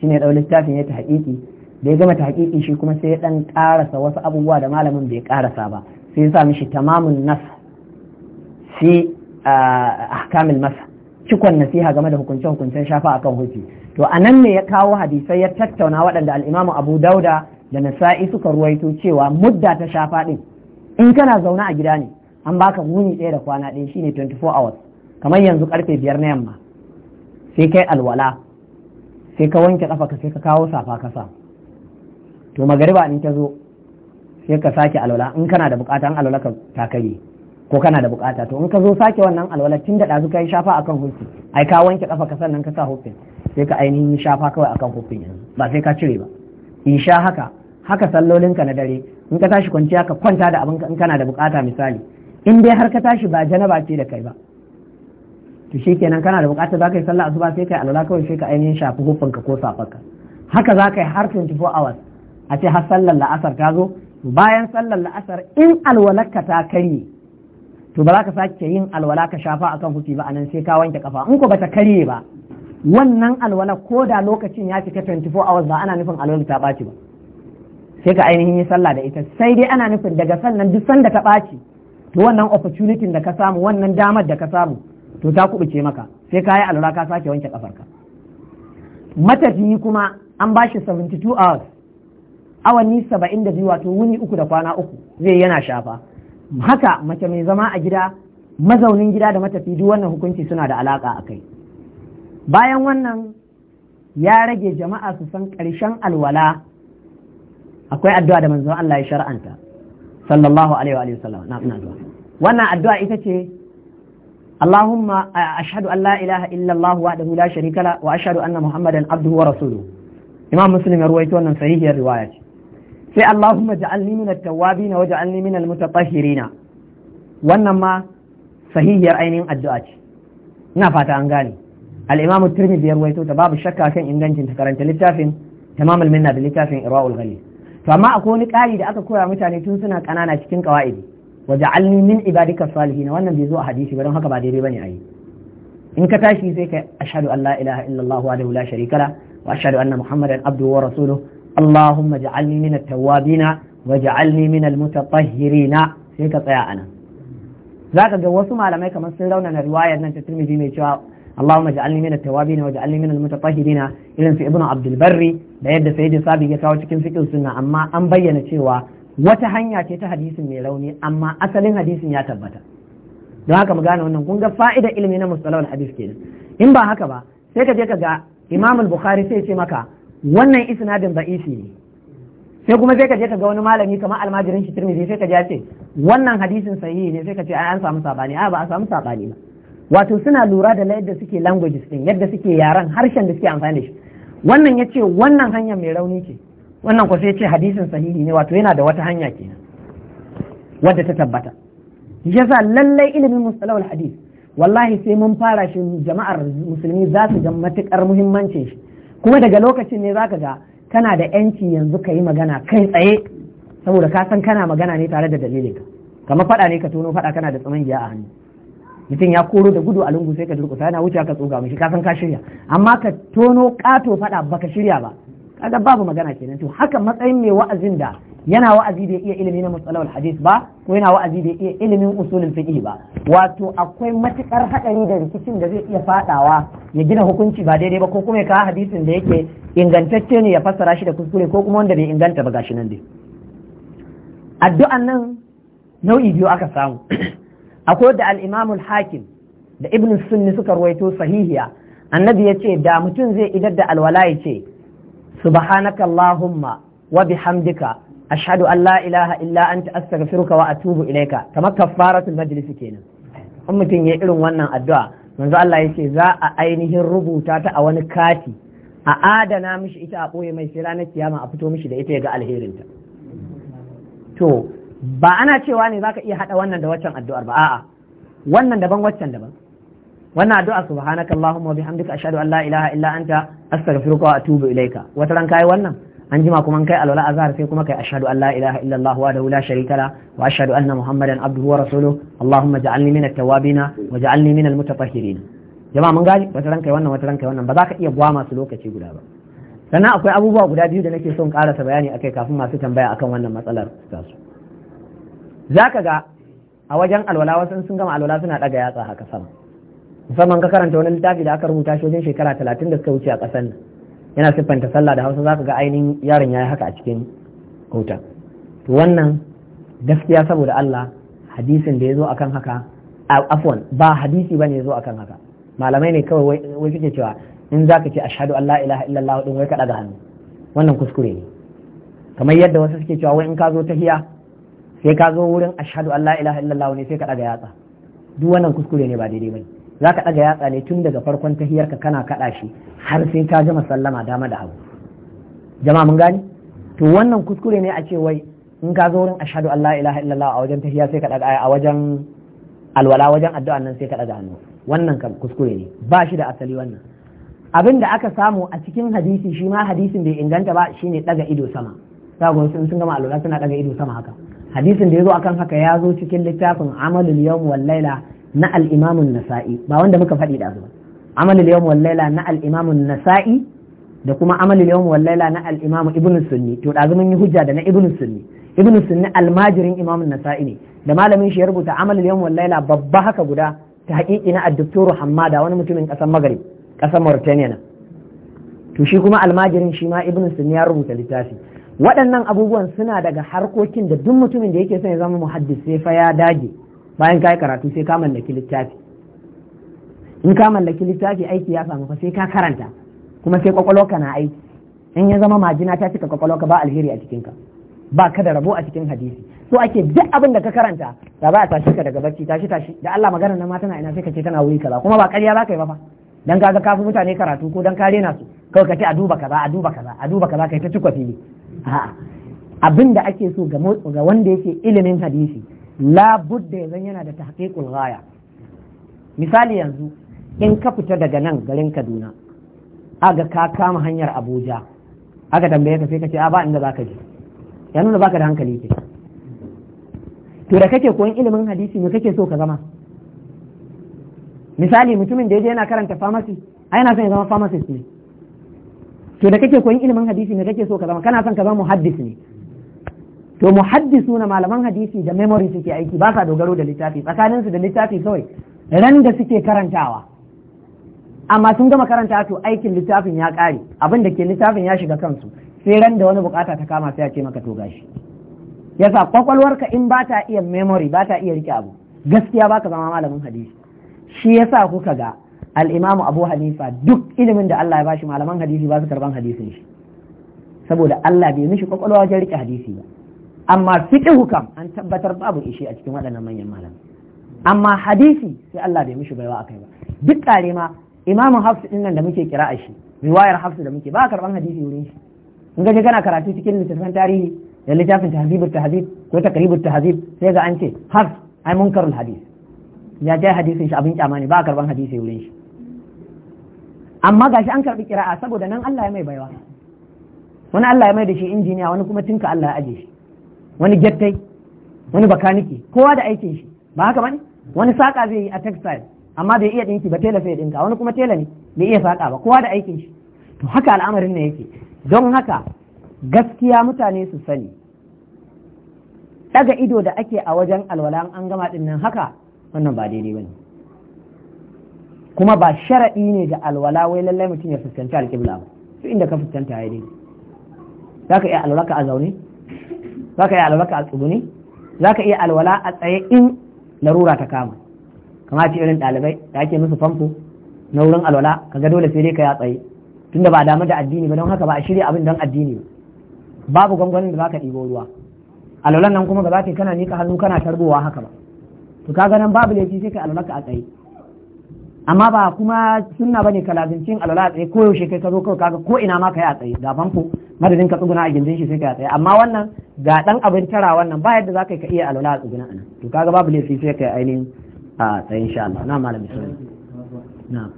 shine ya dau littafin ya tahqiqi da ya gama tahqiqi shi kuma sai ya dan karasa wasu abubuwa da malamin bai karasa ba sai ya sa mishi tamamun nas fi ah, ahkamil masa cikon nasiha game da hukunce-hukuncen shafa akan hujji to a nan ne ya kawo hadisai ya tattauna waɗanda al'imamu abu dauda da nasa'i suka ruwaito cewa mudda ta sha faɗin in kana zaune a gida ne an baka muni ɗaya da kwana ɗaya shine 24 hours kamar yanzu karfe biyar na yamma sai kai alwala sai ka wanke ƙafa ka sai ka kawo safa ka sa to magariba in ta zo sai ka sake alwala in kana da bukatan alwala ka takare ko kana da bukata to in ka zo sake wannan alwala tun da ɗazu ka yi shafa akan hufi ai ka wanke kafa ka sannan ka sa hufin sai ka ainihin shafa kawai akan hufin yanzu ba sai ka cire ba sha haka haka sallolinka na dare in ka tashi kwanciya ka kwanta da abin in kana da bukata misali in dai har ka tashi ba janaba ce da kai ba to shikenan kana da bukata za ka yi sallah asuba sai kai alwala kawai sai ka ainihin shafi ka ko safarka haka za ka yi har 24 hours a ce har sallar la'asar ta zo bayan sallar la'asar in alwalarka ta karye to ba za ka sake yin alwala ka shafa akan kufi ba anan sai ka wanke kafa in ko ba ta karye ba wannan alwala ko da lokacin ya cika 24 hours ba ana nufin alwala ta ɓaci ba sai ka ainihin yi sallah da ita sai dai ana nufin daga sannan duk sanda ta ɓaci to wannan opportunity da ka samu wannan damar da ka samu to ta kubuce maka sai ka yi alwala ka sake wanke kafarka matafiyi kuma an ba shi 72 hours awanni 72 wato wuni uku da kwana uku zai yana shafa haka mace mai zama a gida mazaunin gida da matafi duk wannan hukunci suna da alaka a kai bayan wannan ya rage jama'a su san ƙarshen alwala akwai addu'a da manzon Allah ya shar'anta sallallahu alaihi wa sallam na ina zuwa wannan addu'a ita ce Allahumma ashhadu an la ilaha illa Allah wahdahu la sharika la wa ashhadu anna Muhammadan abduhu wa rasuluhu Imam Muslim ya ruwaito wannan sahihiyar riwaya ce sai Allahumma ja'alni min at-tawwabin wa ja'alni min al-mutatahhirin wannan ma sahihiyar ainihin addu'a ce ina fata an gane al-Imam at-Tirmidhi ya rawaito ta babu shakka kan ingancin ta karanta littafin Tamam al-Minna da littafin Irwaul Ghalil to amma akwai wani ƙari da aka koya mutane tun suna ƙanana cikin qawaidi wa ja'alni min ibadika salihin wannan bai zo a hadisi ba don haka ba daidai bane ayi in ka tashi sai ka ashhadu an la ilaha illallah wa la sharika la wa ashhadu anna muhammadan abduhu wa rasuluhu اللهم اجعلني من التوابين واجعلني من المتطهرين sai ka tsaya anan zaka ga wasu malamai kamar sun raunana riwayar nan ta Tirmidhi mai cewa اللهم اجعلني من التوابين واجعلني من المتطهرين irin su ibnu abdul barri da yadda sayyidi sabi ya kawo cikin fiqh sunna amma an bayyana cewa wata hanya ce ta hadisin mai rauni amma asalin hadisin ya tabbata don haka mu gane wannan kun ga fa'ida ilimi na mustalahul hadis kenan in ba haka ba sai ka je ka ga imamul al-bukhari sai ce maka wannan isnadin baisi ne sai kuma sai ka je ka ga wani malami kamar almajirin shi tirmidhi sai ka ji ce wannan hadisin sahihi ne sai ka ce an samu sabani a ba a samu sabani ba wato suna lura da yadda suke languages din yadda suke yaran harshen da suke amfani da shi wannan ya ce wannan hanya mai rauni ce wannan ko sai ya ce hadisin sahihi ne wato yana da wata hanya kenan wadda ta tabbata yasa lallai ilimin mustalahul hadis wallahi sai mun fara shi jama'ar musulmi za su ga matukar muhimmancin shi kuma daga lokacin ne zaka ga kana da yanci yanzu ka yi magana kai tsaye saboda ka san kana magana ne tare da dalilin ka kamar faɗa ne ka tono faɗa kana da tsaman giya a hannu mutum ya koro da gudu a lungu sai ka durƙusa yana wuce ka tsoga mishi ka san ka shirya amma ka tono kato faɗa baka shirya ba kaga babu magana kenan to haka matsayin mai wa'azin da yana wa'azi da iya ilimi na matsalar hadis ba ko yana wa'azi da iya ilimin usulin fiqh ba wato akwai matukar haɗari da rikicin da zai iya fadawa ya gina hukunci ba daidai ba ko kuma ya kawo hadisin da yake ingantacce ne ya fassara shi da kuskure ko kuma wanda bai inganta ba gashi nan dai addu'an nan nau'i biyu aka samu akwai da al-Imam al-Hakim da Ibn Sunni suka ruwaito sahihiya annabi ya ce da mutum zai idar da alwala ya ce subhanaka Allahumma wa bihamdika ashhadu an la ilaha illa anta astaghfiruka wa atubu ilaika kamar kaffaratul majlis kenan in mutum ya irin wannan addu'a manzo Allah yace za a ainihin rubuta ta a wani kati a adana mishi ita a ɓoye mai sai ranar kiyama a fito mishi da ita ya ga alherinta to ba ana cewa ne zaka iya haɗa wannan da waccan addu'ar ba a'a wannan daban waccan daban wannan addu'a subhanakallahumma wa bihamdika ashhadu an la ilaha illa anta astaghfiruka wa atubu ilaika wata ran kai wannan an jima kuma kai alwala azhar sai kuma kai ashhadu an la ilaha illallah wahdahu la sharika la wa ashhadu anna muhammadan abduhu wa rasuluhu allahumma ja'alni minat tawabina wa ja'alni minal mutatahhirin jama'a mun gaji wata ranka wannan wata ranka wannan ba za ka iya gwama su lokaci guda ba sannan akwai abubuwa guda biyu da nake son karasa bayani akai kafin masu tambaya akan wannan matsalar tasu zaka ga a wajen alwala wasu sun gama alwala suna daga yatsa haka sama musamman ka karanta wani littafi da aka rubuta shi wajen shekara talatin da suka wuce a ƙasar nan yana siffanta sallah da hausa zaka ga ainihin yaron yayi haka a cikin hoton to wannan gaskiya saboda Allah hadisin da ya zo akan haka afwan ba hadisi bane ya zo akan haka malamai ne kawai wai suke cewa in zaka ce ashhadu an la ilaha illallah din wai ka daga hannu wannan kuskure ne kamar yadda wasu suke cewa wai in ka zo tahiya sai ka zo wurin ashhadu an la ilaha illallah ne sai ka daga yatsa duk wannan kuskure ne ba daidai bane za ka ɗaga yatsa ne tun daga farkon tahiyarka kana kaɗa shi har sai ka gama sallama dama da abu jama'a mun gani to wannan kuskure ne a ce wai in ka zo wurin ashhadu Allah la ilaha illallah a wajen tahiya sai ka ɗaga a wajen alwala wajen addu'a nan sai ka ɗaga hannu wannan kan kuskure ne ba shi da asali wannan abin da aka samu a cikin hadisi shi ma hadisin bai inganta ba shine ɗaga ido sama sagon sun sun gama alwala suna ɗaga ido sama haka hadisin da ya zo akan haka ya zo cikin littafin amalul yawm wal laila na al'imamun nasa'i ba wanda muka faɗi da zuwa amalil yawm na al'imamun nasa'i da kuma amalil yawm wal na al'imamu ibn sunni to da mun yi hujja da na ibn sunni ibn sunni almajirin imamun nasa'i ne da malamin shi ya rubuta amalil yawm babba haka guda ta haƙiƙi na ad-doktoru hammada wani mutumin ƙasar maghrib ƙasar mauritania na to shi kuma almajirin shi ma ibn sunni ya rubuta littafi waɗannan abubuwan suna daga harkokin da duk mutumin da yake son ya zama muhaddis sai fa ya dage bayan ka yi karatu sai ka mallaki littafi in ka mallaki littafi aiki ya samu fa sai ka karanta kuma sai kwakwalwarka na aiki in ya zama majina ta cika kwakwalwarka ba alheri a cikinka ba ka da rabo a cikin hadisi so ake duk abin da ka karanta da ba a tashi ka daga bacci tashi tashi da Allah magana nan ma na ina sai ka ce tana wuri kaza kuma ba ƙarya za ka yi ba fa dan kaga kafi mutane karatu ko dan kare na su kawai ka ce a duba kaza a duba kaza a duba kaza kai ta cikwa fili a'a abin da ake so ga wanda yake ilimin hadisi la da yanzu yana da tahqiqul ghaya misali yanzu in ka fita daga nan garin Kaduna aga ka kama hanyar Abuja aga tambaye ka sai ka ce a ba inda zaka je ya nuna baka da hankali ke to da kake koyon ilimin hadisi me kake so ka zama misali mutumin da yaje yana karanta pharmacy ai yana son ya zama pharmacist ne to da kake koyon ilimin hadisi me kake so ka zama kana son ka zama muhaddis ne to suna malaman hadisi da memory suke aiki ba sa dogaro da littafi tsakanin su da littafi kawai ran da suke karantawa amma sun gama karanta to aikin littafin ya kare abin da ke littafin ya shiga kansu sai ran da wani bukata ta kama sai a ce maka to gashi yasa kwakwalwar ka in ba ta iya memory ba ta iya rike abu gaskiya ba ka zama malamin hadisi shi yasa kuka ga al-imamu abu hanifa duk ilimin da Allah ya bashi malaman hadisi ba su karban hadisin shi saboda Allah bai mishi kwakwalwa wajen rike hadisi ba amma fiqhu kam an tabbatar babu ishi a cikin waɗannan manyan malamai. amma hadisi sai Allah bai mishi baiwa akai ba duk kare ma imamu hafs din nan da muke kira shi riwayar Hafsu da muke ba a karɓan hadisi wurin shi in ga kana karatu cikin littattafan tarihi da littafin tahzibut tahzib ko takribut tahzib sai ga an ce hafs ai munkarul hadis ya ja hadisin shi abin kyama ba a karɓan hadisi wurin shi amma gashi an karbi kira'a saboda nan Allah ya mai baiwa wani Allah ya mai da shi injiniya wani kuma tinka Allah ya aje shi wani gyattai wani bakaniki kowa da aikin shi ba haka bane wani saƙa zai yi a textile amma bai iya ɗinki ba tela sai ɗinka wani kuma tela ne bai iya saƙa ba kowa da aikin shi to haka al'amarin ne yake don haka gaskiya mutane su sani daga ido da ake a wajen alwala an gama din nan haka wannan ba daidai bane kuma ba sharaɗi ne ga alwala wai lallai mutum ya fuskanci alƙibla ba duk inda ka fuskanta ya daidai za ka iya alwala ka a zaune za ka yi alwaka a tsuguni za ka iya alwala a tsaye in larura ta kama kama ce irin ɗalibai da ake musu famfo na wurin alwala ga dole sai dai ka ya tsaye tunda ba damu da addini ba don haka ba a shirya abin don addini ba babu gwangwanin da za ka ɗibo ruwa alwalan nan kuma za gaba kana nika hannu kana tarbowa haka ba to kaga nan babu laifi sai ka alwala ka a tsaye amma ba kuma sunna bane ka lazincin alwala a tsaye ko yaushe kai ka zo kawai kaga ko ina ma kai a tsaye ga famfo madadin ka tsuguna a gindin shi sai kai a tsaye amma wannan ga dan abin tara wannan ba yadda zaka ka iya alwala a tsuguna anan to kaga babu laifi sai kai ainihin a tsaye insha Allah na malam sai na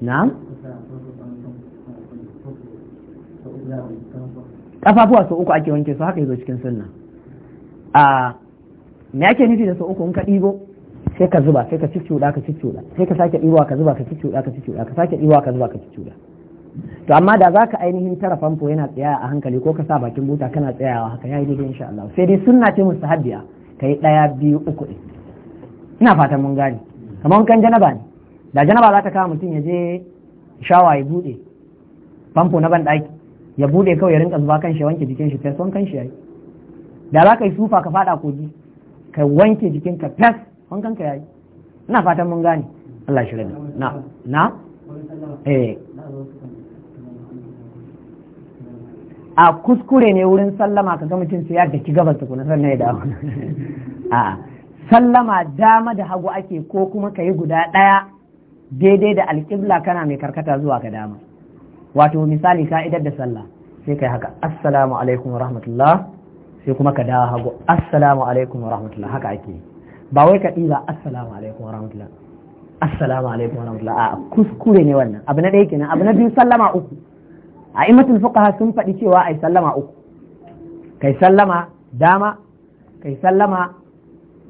na kafafuwa sau uku ake wanke su haka yazo cikin sunna a me ake nufi da sau uku in ka ɗigo sai ka zuba sai ka cicciuda ka cicciuda sai ka sake ɗiwa ka zuba ka cicciuda ka cicciuda ka sake ɗiwa ka zuba ka cicciuda to amma da za ka ainihin tara famfo yana tsaya a hankali ko ka sa bakin buta kana tsayawa haka yayi daidai insha Allah sai dai sunna ce musu ka kai daya biyu uku din ina fatan mun gane kamar kan janaba ne da janaba za ta kawo mutum ya je shawa ya bude famfo na ban ya bude kawai ya rinka zuba kan shi wanke jikin shi fes wankan shi yayi da za ka yi sufa ka fada kogi ka wanke jikinka fes wankan ka yayi ina fatan mun gane Allah shi rabi na na eh a kuskure ne wurin sallama ka ga mutum sai ya daki gabas san sannan ya dawo a sallama dama da hagu ake ko kuma ka yi guda ɗaya daidai da alƙibla kana mai karkata zuwa ga dama wato misali ka'idar da sallah sai kai haka assalamu alaikum wa rahmatullah sai kuma ka dawo hagu assalamu alaikum wa rahmatullah haka ake ba wai ka ɗiba assalamu alaikum warahmatullah assalamu alaikum warahmatullah a kuskure ne wannan abu na ɗaya kenan abu na biyu sallama uku a imatul fuqaha sun faɗi cewa ai sallama uku kai sallama dama kai sallama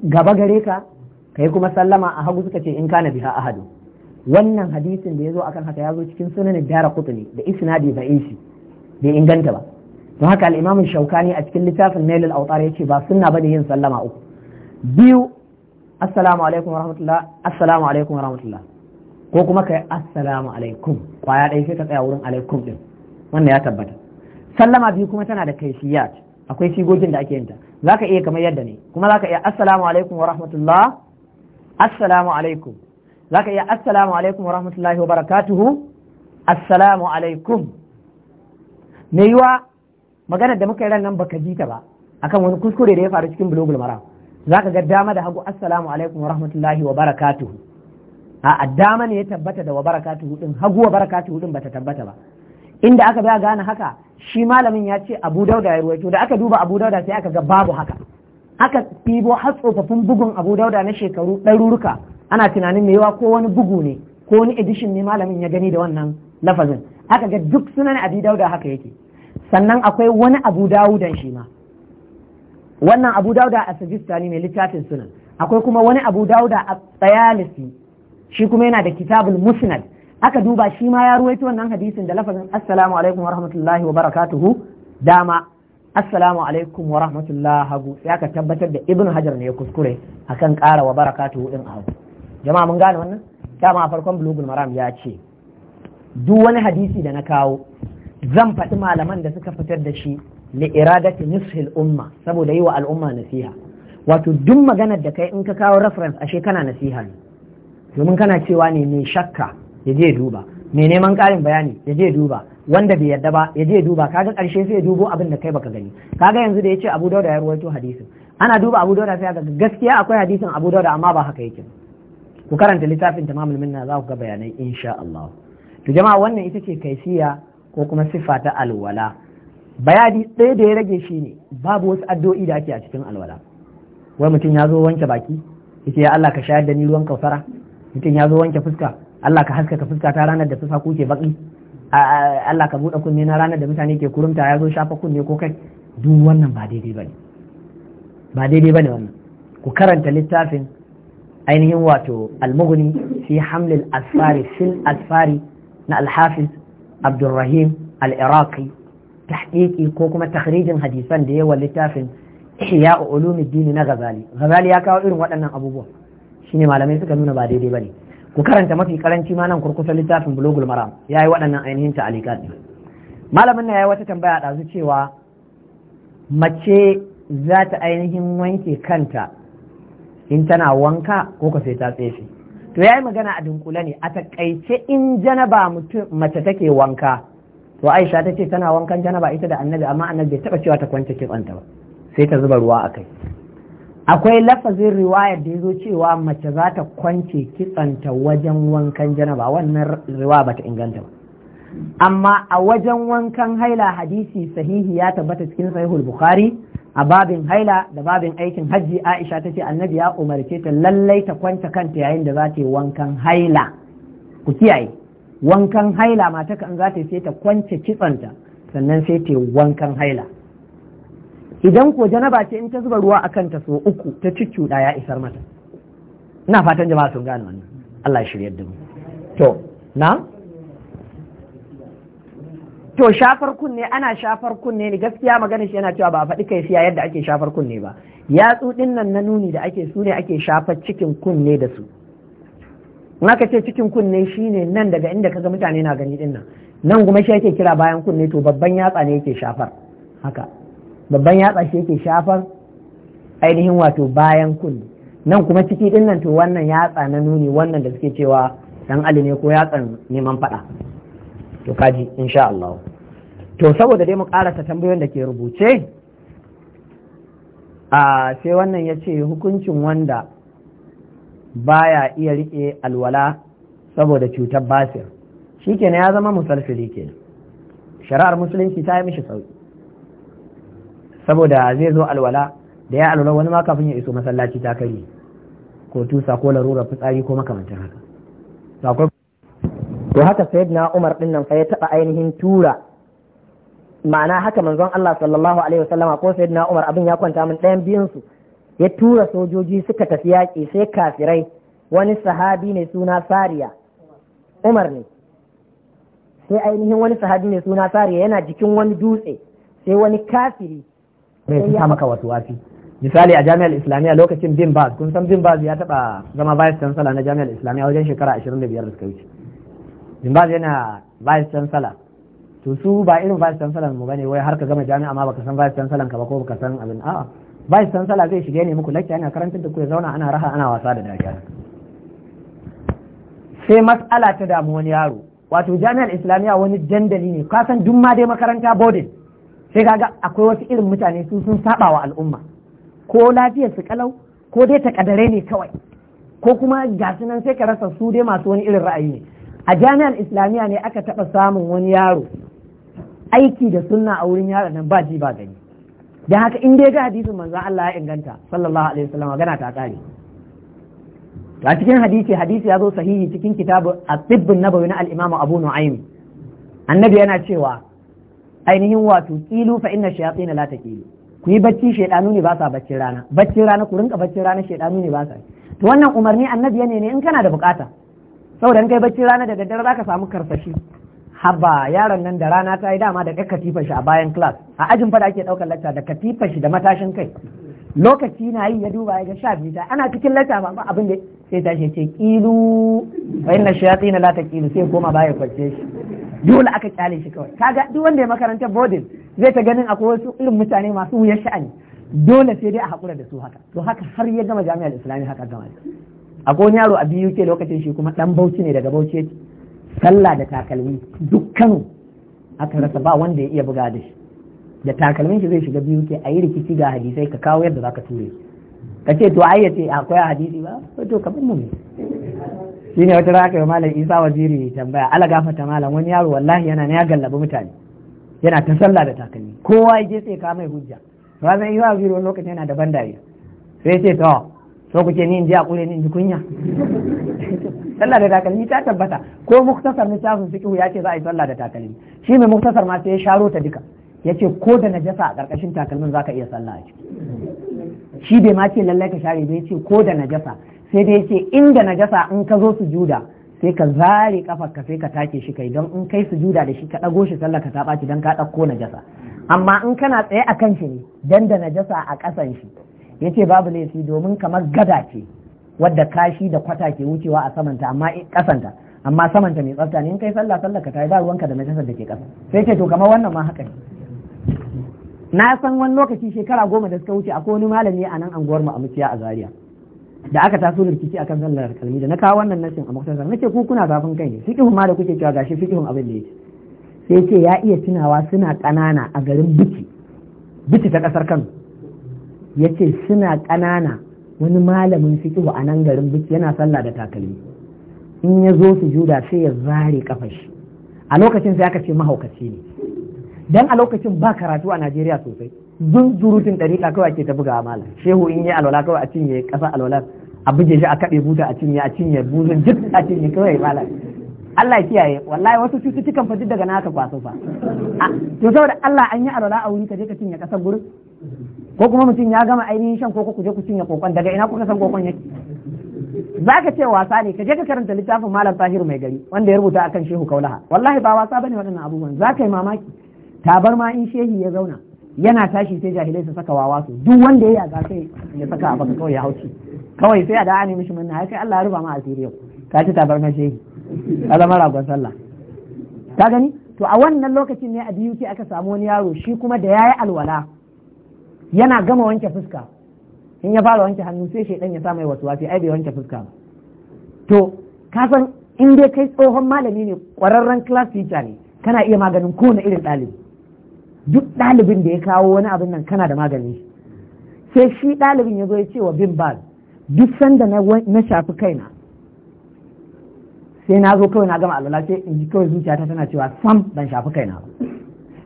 gaba gare ka kai kuma sallama a hagu suka ce in kana biha ahadu wannan hadisin da ya zo akan haka ya zo cikin sunan dara kutuni da isnadi da shi. bai inganta ba don haka al-imam shaukani a cikin littafin nailul autar ya ce ba sunna bane yin sallama uku biyu assalamu alaikum wa rahmatullah assalamu alaikum wa rahmatullah ko kuma kai assalamu alaikum kwaya ɗaya sai ka tsaya wurin alaikum ɗin. wannan ya tabbata sallama biyu kuma tana da kaifiyat akwai sigogin da ake yinta zaka iya kamar yadda ne kuma zaka iya assalamu alaikum wa rahmatullah assalamu alaikum zaka iya assalamu alaikum wa rahmatullahi wa barakatuhu assalamu alaikum me yiwa maganar da muka yi ran nan baka ji ta ba akan wani kuskure da ya faru cikin bulogul maram za ka ga dama da hagu assalamu alaikum wa rahmatullahi wa barakatuhu a dama ne ya tabbata da wa barakatuhu din hagu wa barakatuhu din bata tabbata ba inda aka ga gane haka shi malamin ya ce abu dauda ya ruwaito da aka duba abu dauda sai aka ga babu haka aka tibo har tsofaffin bugun abu dauda na shekaru ɗaruruka ana tunanin yawa ko wani bugu ne ko wani edishin ne malamin ya gani da wannan lafazin aka ga duk sunan Abu dauda haka yake sannan akwai wani abu dawudan shi ma wannan abu dauda a ne mai littafin sunan akwai kuma wani abu dauda a tsayalisi shi kuma yana da kitabul musnad aka duba shi ma ya ruwaito wannan hadisin da lafazin assalamu alaikum wa rahmatullahi wa dama assalamu alaikum wa rahmatullahi hagu tabbatar da ibnu hajar ne ya kuskure akan ƙara wa barakatuhu din hagu jama'a mun gane wannan dama a farkon bulugul maram ya ce duk wani hadisi da na kawo zan faɗi malaman da suka fitar da shi li iradati nishil umma saboda yi wa al'umma nasiha wato duk maganar da kai in ka kawo reference ashe kana nasiha ne domin kana cewa ne mai shakka ya je duba mai neman karin bayani ya je duba wanda bai yarda ba ya je duba kaga karshe sai ya dubo abin da kai baka gani kaga yanzu da yace Abu Dawud ya rawaito hadisin ana duba Abu Dawud sai ga gaskiya akwai hadisin Abu Dawud amma ba haka yake ku karanta littafin Tamamul Minna za ku ga bayanai insha Allah to jama'a wannan ita ce kaisiya ko kuma sifa ta alwala bayani ɗaya da ya rage shi ne babu wasu addu'o'i da ake a cikin alwala wai mutum ya zo wanke baki yace ya Allah ka shayar da ni ruwan kausara mutum ya zo wanke fuska Allah ka haskaka fuska ta ranar da fuska kuke baki Allah ka buɗe kunne na ranar da mutane ke kurumta ya zo shafa kunne ko kai duk wannan ba daidai bane ba daidai bane wannan ku karanta littafin ainihin wato almughni fi hamlil asfari fil asfari na alhafiz abdurrahim al-iraqi tahqiqi ko kuma takhrijin hadisan da yawa littafin ihya ulumuddin na gazali gazali ya kawo irin waɗannan abubuwa shine malamai suka nuna ba daidai bane ku karanta mafi karanci ma nan kurkusa littafin bulugul maram yi waɗannan ainihin ta'alikat malamin na yayi wata tambaya ɗazu cewa mace za ta ainihin wanke kanta in tana wanka ko ka sai ta tsefe to ya yi magana a dunkule ne a takaice in janaba mutum mace take wanka to aisha ta ce tana wankan janaba ita da annabi amma annabi bai taba cewa ta kwance tsanta ba sai ta zuba ruwa akai akwai lafazin riwayar da ya zo cewa mace za ta kwance tsanta wajen wankan janaba wannan riwa bata inganta ba amma a wajen wankan haila hadisi sahihi ya tabbata cikin sahihul bukhari a babin haila da babin aikin hajji aisha ta ce annabi ya umarce ta lallai ta kwanta kanta yayin da za ta yi wankan haila ku kiyaye wankan haila mata kan za ta sai ta kwance kitsanta sannan sai ta wankan haila idan ko janaba ce in ta zuba ruwa a kanta so uku ta cuccuɗa ya isar mata ina fatan jama'a sun gane wannan Allah ya shirya da to na to shafar kunne ana shafar kunne ne gaskiya magana shi yana cewa ba a faɗi kai siya yadda ake shafar kunne ba yatsu ɗin nan na nuni da ake su ne ake shafar cikin kunne da su naka ce cikin kunne shine nan daga inda ka ga mutane na gani din nan nan kuma shi yake kira bayan kunne to babban yatsa ne yake shafar haka babban yatsa shi yake shafar ainihin wato bayan kunne nan kuma ciki din nan to wannan yatsa na nuni wannan da suke cewa dan ali ne ko yatsan neman fada to kaji insha Allah to saboda dai mu karasa tambayoyin da ke rubuce a sai wannan ya ce hukuncin wanda baya iya riƙe alwala saboda cutar basir shikenan ya zama musulfili ke shari'ar musulunci ta yi mishi sauki saboda zai zo alwala da ya alwala wani ma kafin ya iso masallaci ta kari ko tusa ko larura fitsari ko makamantar haka to haka sayyidina Umar din nan fa ya taba ainihin tura ma'ana haka manzon Allah sallallahu alaihi wasallama ko sayyidina Umar abin ya kwanta min ɗayan biyun su ya tura sojoji suka tafi yaƙi sai kafirai wani sahabi ne suna sariya umar ne sai ainihin wani sahabi ne suna sariya yana jikin wani dutse sai wani kafiri su sa maka wasu wafi misali a jami'ar islamiyya lokacin bin baz kun san bin baz ya taba zama vice chancellor na jami'ar islamiyya wajen shekara 25 da suka wuce bin baz yana vice chancellor to su ba irin vice chancellor mu bane wai har ka gama jami'a ma baka san vice chancellor ka ba ko baka san abin a'a shi san sala zai shiga ne muku lakki ana karantar da ku ya zauna ana raha ana wasa da dariya sai mas'ala ta damu wani yaro wato jami'ar islamiyya wani dandali ne ka san duk ma dai makaranta boarding sai kaga akwai wasu irin mutane su sun saba wa al'umma ko lafiyar su kalau ko dai kadare ne kawai ko kuma ga nan sai ka rasa su dai masu wani irin ra'ayi ne a jami'ar islamiyya ne aka taba samun wani yaro aiki da sunna a wurin yaron nan ba ji ba gani da haka in dai ga hadisin manzo Allah ya inganta sallallahu alaihi wasallam magana ta kare a cikin hadisi hadisi ya zo sahihi cikin kitabu at-tibbun nabawi na al-imam Abu Nu'aym annabi yana cewa ainihin wato kilu fa inna shayatin la takilu ku yi bacci shaidanu ne ba sa baccin rana baccin rana ku rinka baccin rana shaidanu ne ba sa to wannan umarni annabi ne in kana da bukata saboda in kai baccin rana da daddare zaka samu karsashi haba yaron nan da rana ta yi dama da ɗan katifa shi a bayan class a ajin fada ake ɗaukar lacca da katifa shi da matashin kai lokaci na yi ya duba ya ga sha biyu ana cikin lacca ba abin da sai tashi ce kilu shi ya tsina lata kilu sai koma baya kwace shi dole aka kyale shi kawai kaga duk wanda ya makarantar boarding zai ta ganin akwai wasu irin mutane masu wuyar sha'ani dole sai dai a hakura da su haka to haka har ya gama jami'ar islami haka gama akwai wani yaro a biyu ke lokacin shi kuma ɗan bauchi ne daga bauchi sallah da takalmi dukkan aka rasa ba wanda ya iya buga da shi da takalmin shi zai shiga biyu ke a yi rikici ga hadisai ka kawo yadda zaka ture ka ce to ai yace akwai hadisi ba to ka bin mu ne shine wata raka ya malam Isa waziri tambaya ala gafata malam wani yaro wallahi yana na ya gallabi mutane yana ta sallah da takalmi kowa ya je sai ka mai hujja ranar Isa waziri wani lokaci yana da bandariya sai ce to so kuke ni in ji a kure ni in ji kunya sallah da takalmi ta tabbata ko muktasar littafin fiqh ya yace za a yi sallah da takalmi shi mai muktasar ma sai ya sharo ta duka yace ko da najasa a karkashin takalmin zaka iya sallah a ciki shi bai ma ce lallai ka share bai ce ko da najasa sai dai yace inda najasa in ka zo su juda sai ka zare kafar ka sai ka take shi kai don in kai su juda da shi ka dago shi sallah ka ta ɓaci don ka ɗauko najasa amma in kana tsaye a kan shi ne dan da najasa a kasan shi yace babu laifi domin kamar gada ce wadda kashi da kwata ke wucewa a samanta amma kasanta amma samanta mai tsafta ne in kai sallah sallah ka tayi ba ruwanka da najasar da ke kasa sai ce to kamar wannan ma haka ne na san wani lokaci shekara goma da suka wuce akwai wani malami a nan anguwar mu a mutiya a zaria da aka taso da rikici akan sallar kalmi da na kawo wannan nashin a muktasar nace ku kuna zafin kai ne fiqhun ma da kuke cewa gashi fiqhun abin da yake sai ce ya iya tunawa suna kanana a garin biki biki ta kasar Kano yace suna kanana. wani malamin fikihu a nan garin biki yana sallah da takalmi in ya zo su juda sai ya zare kafar shi a lokacin sai aka ce mahaukaci ne dan a lokacin ba karatu a Najeriya sosai zun zurutun dariƙa kawai ake ta buga malam shehu in yi alwala kawai a cinye kasa alwala a buge shi a kaɗe buta a cinye a cinye buzun duk a cinye kawai malam Allah ya kiyaye wallahi wasu cututtukan fa duk daga naka kwaso fa to saboda Allah an yi alwala a wuri ka je ka cinye kasar gurin ko kuma mutum ya gama ainihin shan koko ku je ku cinye kokon daga ina kuka san kokon yake za ka ce wasa ne ka je ka karanta littafin malam tahir mai gari wanda ya rubuta akan shehu kaulaha wallahi ba wasa bane waɗannan abubuwan za ka yi mamaki tabar ma in shehi ya zauna yana tashi sai jahilai su saka wawa su duk wanda ya yaga sai ya saka a baka kawai ya hauci kawai sai a da'a ne mishi munna kai Allah ya ruba ma asiri yau ka ci tabar ma shehi ka zama ragon sallah ka gani to a wannan lokacin ne a biyu aka samu wani yaro shi kuma da yayi alwala yana gama wanke fuska in ya fara wanke hannu sai shaidan ya sa mai wasu wasi ai bai wanke fuska ba to ka san in dai kai tsohon malami ne kwararren class teacher ne kana iya maganin kowane irin ɗalibi duk ɗalibin da ya kawo wani abin nan kana da magani sai shi ɗalibin ya zo ya ce wa bin bal duk sanda na shafi kaina sai na zo kawai na gama alwala sai in ji kawai zuciyata tana cewa sam ban shafi kaina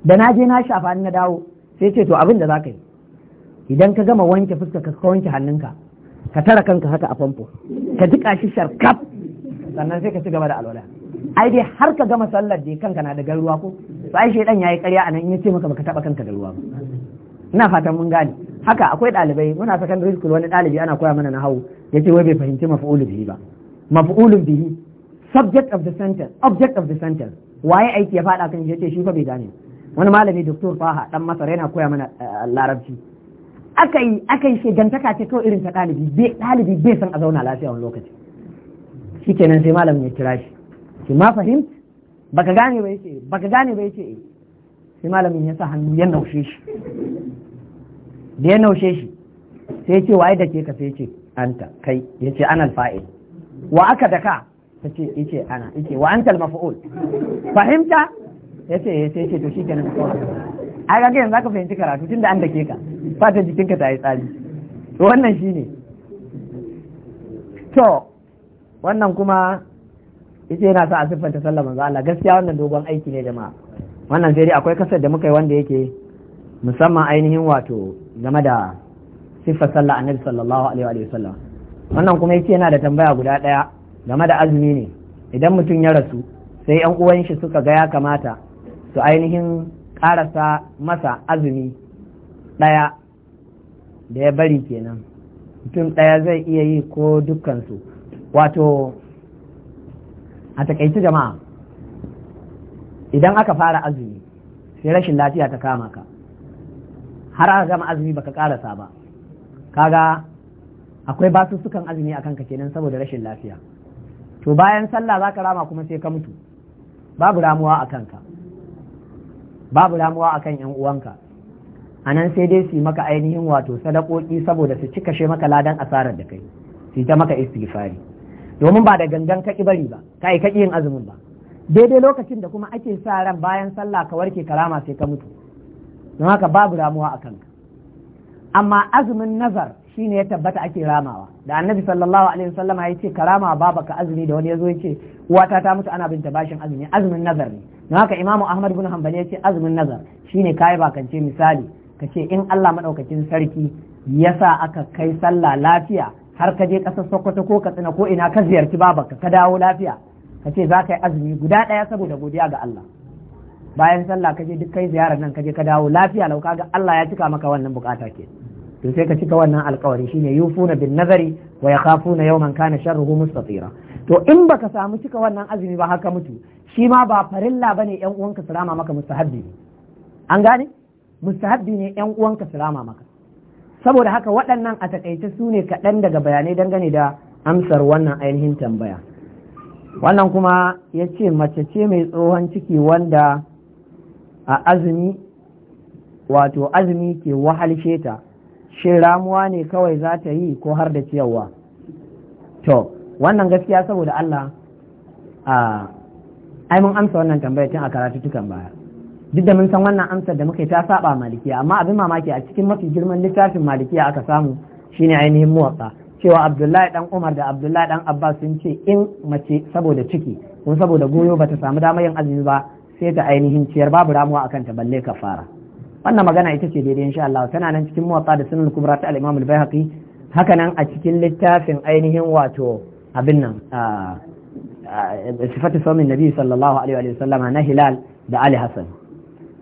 ba da na je na shafa na dawo sai ce to abin da za ka yi idan ka gama wanke fuska ka wanke hannunka ka tara kanka haka a famfo ka jika shi sharkaf sannan sai ka ci gaba da alwala ai dai har ka gama sallar da kanka na da garuwa ko ai shedan yayi ƙarya anan in ya ce maka baka taba kanka da ruwa ba ina fatan mun gane haka akwai ɗalibai muna secondary school wani ɗalibi ana koya mana na yace wai bai fahimci maf'ulu bihi ba maf'ulu bihi subject of the sentence object of the sentence waye aiki ya faɗa kan ya ce shi fa bai gane wani malami doctor faha dan masara yana koya mana eh, larabci aka yi aka yi shegantaka ce kawai irin ta ɗalibi ɗalibi bai san a zauna lafiya wani lokaci shikenan sai malamin ya kira shi shi ma fahim baka gane ba ce. baka gane ba yace eh. sai malamin ya sa hannu ya naushe shi da ya naushe shi sai ya ce wa da ke ka sai ya ce anta kai ya ce ana alfa'il wa aka da ka ta ce ya ce ana ya ce wa anta almafu'ul fahimta ya ce eh. ya ce to shikenan a kaga yanzu zaka fahimci karatu tun da an dake ka fatan jikinka ta yi tsari wannan shine to wannan kuma ita yana sa a siffanta sallah manzo Allah gaskiya wannan dogon aiki ne jama'a wannan sai dai akwai kasar da muka yi wanda yake musamman ainihin wato game da siffar sallah annabi sallallahu alaihi wa sallam wannan kuma yake yana da tambaya guda daya game da azumi ne idan mutum ya rasu sai yan uwan shi suka ga ya kamata su ainihin ƙarasa masa azumi ɗaya da ya bari kenan mutum ɗaya zai iya yi ko dukkansu wato a takaici jama'a idan aka fara azumi sai rashin lafiya ta kama ka har aka gama azumi baka karasa ba kaga akwai basussukan azumi a kanka kenan saboda rashin lafiya to bayan sallah za ka rama kuma sai ka mutu babu ramuwa a kanka babu ramuwa akan yan uwanka a nan sai dai su yi maka ainihin wato sadakoki saboda su cika she maka ladan asarar da kai su ta maka istighfari domin ba da gangan kaki bari ba kai kaki yin azumin ba daidai lokacin da kuma ake sa ran bayan sallah ka warke karama sai ka mutu don haka babu ramuwa akan ka amma azumin nazar ne ya tabbata ake ramawa da annabi sallallahu alaihi wasallam ya ce karama ka azumi da wani yazo ya ce uwata ta mutu ana binta bashin azumi azumin nazar ne na haka imamu ahmad bin hanbal ya ce azumin nazar Shi shine kai bakance misali ka ce in Allah madaukakin sarki yasa aka kai sallah lafiya har ka je kasar Sokoto ko Katsina ko ina ka ziyarci babaka ka dawo lafiya ka ce za ka yi azumi guda ɗaya saboda godiya ga Allah bayan sallah ka je duk kai ziyarar nan ka je ka dawo lafiya lau ga Allah ya cika maka wannan bukata ke. to sai ka cika wannan alkawari shine na bin nazari wa yakhafuna yawman kana sharruhu mustatira to in baka samu cika wannan azumi ba haka mutu shi ma ba farilla bane yan uwanka su rama maka mustahabbi an gane mustahabbi ne yan uwanka su rama maka saboda haka waɗannan a takaice su ne kaɗan daga bayanai dangane da amsar wannan ainihin tambaya wannan kuma ya ce mace ce mai tsohon ciki wanda a azumi wato azumi ke wahalshe ta shin ramuwa ne kawai za ta yi ko har da ciyarwa to wannan gaskiya saboda Allah a ai mun amsa wannan tambaya tun a karatutukan baya duk da mun san wannan amsar da muka yi ta saba malikiya amma abin mamaki a cikin mafi girman littafin malikiya aka samu shine ainihin muwatsa cewa abdullahi dan umar da abdullahi dan abbas sun ce in mace saboda ciki ko saboda goyo bata samu damar yin azumi ba sai ta ainihin ciyar babu ramuwa akan ta balle kafara fara wannan magana ita ce daidai insha Allah tana nan cikin muwatta da sunan kubra ta al-Imam al-Baihaqi haka nan a cikin littafin ainihin wato abin nan sifatu sawmin nabi sallallahu alaihi wa sallam na hilal da ali hasan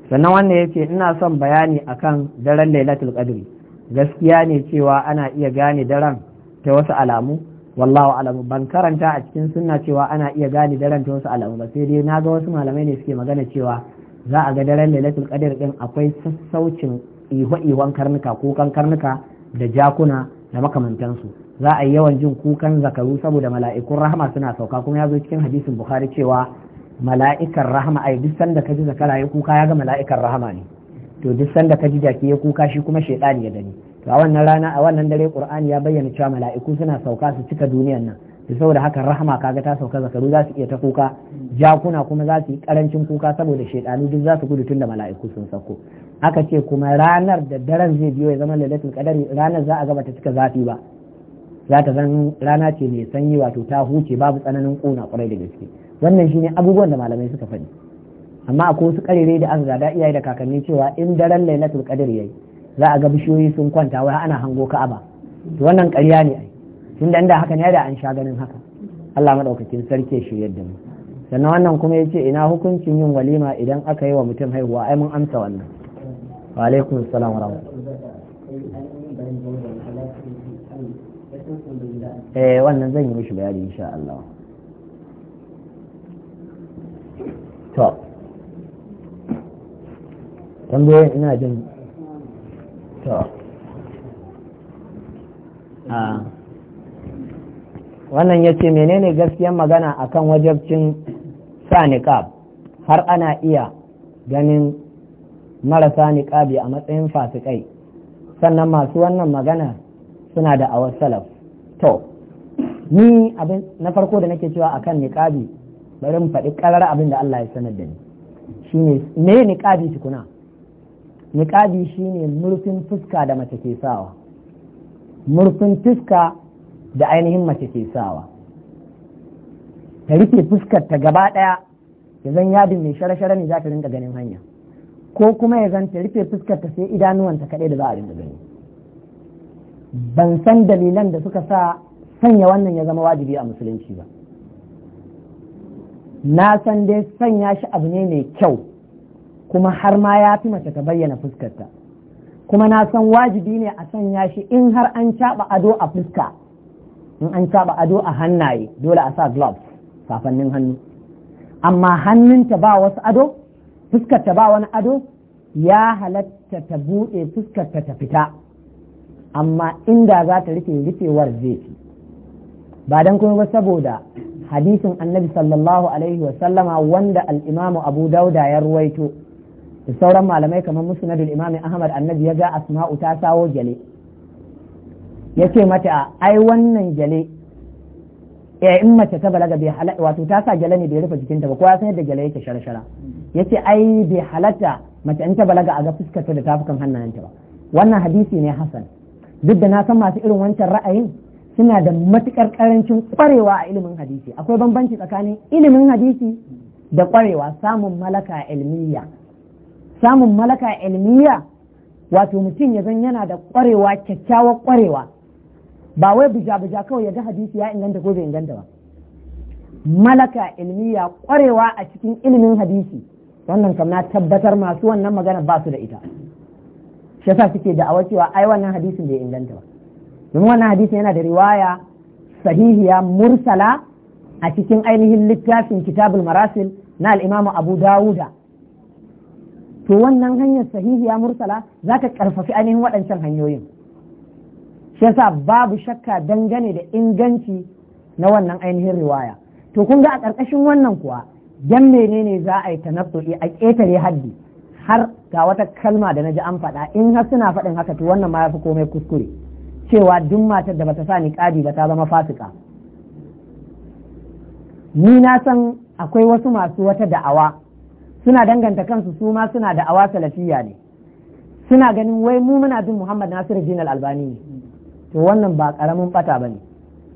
sannan wannan yace ina son bayani akan daren lailatul qadri gaskiya ne cewa ana iya gane daren ta wasu alamu wallahu alamu ban karanta a cikin sunna cewa ana iya gane daren ta wasu alamu ba sai dai naga wasu malamai ne suke magana cewa za a ga daren lailatul qadr din akwai sassaucin ihwa-ihwan karnuka kukan karnuka da jakuna da makamantansu za a yi yawan jin kukan zakaru saboda mala'ikun rahama suna sauka kuma ya zo cikin hadisin bukhari cewa mala'ikar rahama ai duk sanda ka ji zakara ya kuka ya ga mala'ikar rahama ne to duk sanda ka ji jaki ya kuka shi kuma shaidani ya gani to a wannan rana a wannan dare qur'ani ya bayyana cewa mala'iku suna sauka su cika duniyar nan saboda haka rahama kaga ta sauka zakaru za su iya ta kuka jakuna kuma za su yi karancin kuka saboda shaidanu duk za su gudu tun da mala'iku sun sauko aka ce kuma ranar da daren zai biyo ya zama lalatul qadari ranar za a gaba ta cika zafi ba za ta zan rana ce mai sanyi wato ta huce babu tsananin kona kwarai da gaske wannan shine abubuwan da malamai suka faɗi amma akwai wasu karere da aka gada iyaye da kakanni cewa in daren lalatul qadari yayi za a ga bishiyoyi sun kwanta wai ana hango ka'aba to wannan ƙarya ne ai tun da inda hakan ya da an sha ganin haka Allah maɗaukakin sarki shi yadda mu sannan wannan kuma ya ce ina hukuncin yin walima idan aka yi wa mutum haihuwa ai mun amsa wannan wa alaikum salam wa rahmatullahi eh wannan zan yi mishi bayani insha Allah to tambayoyin ina jin to ah wannan ya ce menene gaskiyar magana akan wajabcin sa niqab har ana iya ganin marasa niƙabi a matsayin fasikai sannan masu wannan magana suna da awar salaf to ni abin na farko da nake cewa akan niqabi bari mu faɗi ƙarar abin da Allah ya sanar da ni shine me niqabi tukuna niqabi shine murfin fuska da mace ke sawa murfin fuska da ainihin mace ke sawa ta rike fuskar ta gaba ɗaya ya zan yadin mai shara-shara ne za ta rinka ganin hanya ko kuma ya zan ta rufe fuskar ta sai idanuwanta kaɗai da za a rinka gani ban san dalilan da suka sa sanya wannan ya zama wajibi a musulunci ba na san dai sanya shi abu ne mai kyau kuma har ma ya fi mace ta bayyana fuskarta kuma na san wajibi ne a sanya shi in har an caɓa ado a fuska in an saba ado a hannaye dole a sa gloves safannin hannu amma hannunta ba wasu ado fuskarta ba wani ado ya halatta ta buɗe fuskarta ta fita amma inda za ta rufe rufewar zai fi ba don kuma saboda hadisin annabi sallallahu alaihi wasallama wanda al'imamu abu dauda ya ruwaito da sauran malamai kamar musnadul imam ahmad annabi ya ga asma'u ta sawo gyale ya ce mata ai wannan jale ya in mace ta balaga bai halatta wato ta sa jale ne bai rufe jikinta ba kowa san yadda jale yake shara-shara ya ce ai bai halatta mace in ta balaga a ga fuskarta da tafukan hannayenta ba wannan hadisi ne hasan duk da na san masu irin wancan ra'ayin suna da matukar karancin kwarewa a ilimin hadisi akwai bambanci tsakanin ilimin hadisi da kwarewa samun malaka ilmiya samun malaka ilmiya wato mutum ya zan yana da kwarewa kyakkyawar kwarewa ba wai bujabuja kawai ya ga hadisi ya inganta ko bai inganta ba malaka ilmiya kwarewa a cikin ilimin hadisi wannan kam na tabbatar masu wannan magana ba su da ita shi yasa suke da'awa cewa ai wannan hadisin bai inganta ba domin wannan hadisin yana da riwaya sahihiya mursala a cikin ainihin littafin kitabul marasil na al-imamu abu dawuda to wannan hanyar sahihiya mursala zaka karfafi ainihin waɗancan hanyoyin shi yasa babu shakka dangane da inganci na wannan ainihin riwaya to kun ga a ƙarƙashin wannan kuwa dan menene za a yi tanaffu'i a ƙetare haddi har ga wata kalma da na ji an faɗa in har suna faɗin haka to wannan ma ya fi komai kuskure cewa duk matar da bata sa ƙadi ba ta zama fasika ni na san akwai wasu masu wata da'awa suna danganta kansu su ma suna da'awa salafiya ne suna ganin wai mu muna bin Muhammad Nasiru Jinal Albani ne to wannan ba karamin fata ba ne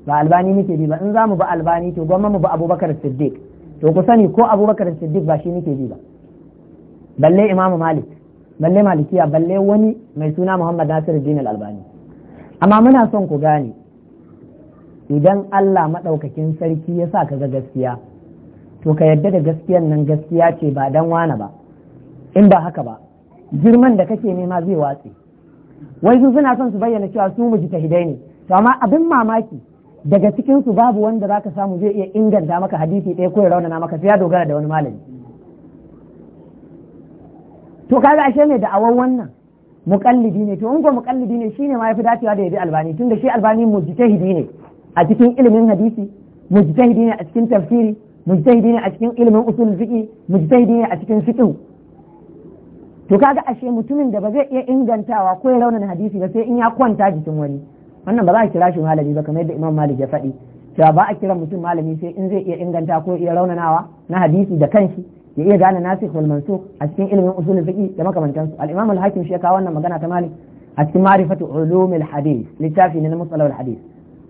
ba albani muke bi ba in za mu ba albani to gwamma mu ba abubakar siddiq to ku sani ko abubakar siddiq ba shi muke bi ba balle imamu malik balle malikiya balle wani mai suna muhammad Nasiru, din albani amma muna son ku gane idan allah maɗaukakin sarki ya sa ka ga gaskiya to ka yarda da gaskiyan nan gaskiya ce ba dan wane ba in ba haka ba girman da kake nema zai watse wai sun suna son su bayyana cewa su mu jitahidai ne to amma abin mamaki daga cikin su babu wanda zaka samu zai iya inganta maka hadisi ɗaya ko ya raunana maka sai ya dogara da wani malami to kaga ashe ne da awan wannan muqallidi ne to in ko muqallidi ne shine ma yafi dacewa da yabi albani tunda shi albani mujtahidi ne a cikin ilimin hadisi mujtahidi ne a cikin tafsiri mujtahidi ne a cikin ilimin usul fiqi mujtahidi ne a cikin fiqh to kaga ashe mutumin da ba zai iya ingantawa ko ya raunin hadisi ba sai in ya kwanta jikin wani wannan ba za a kira shi malami ba kamar yadda imam malik ya faɗi cewa ba a kira mutum malami sai in zai iya inganta ko iya raunanawa na hadisi da kanshi ya iya gane nasikh wal mansukh a cikin ilimin usulul fiqh da makamantansu al-imam al-hakim shi ya kawo wannan magana ta malik a cikin ma'rifatu ulumil hadith littafi ne na musalawul hadith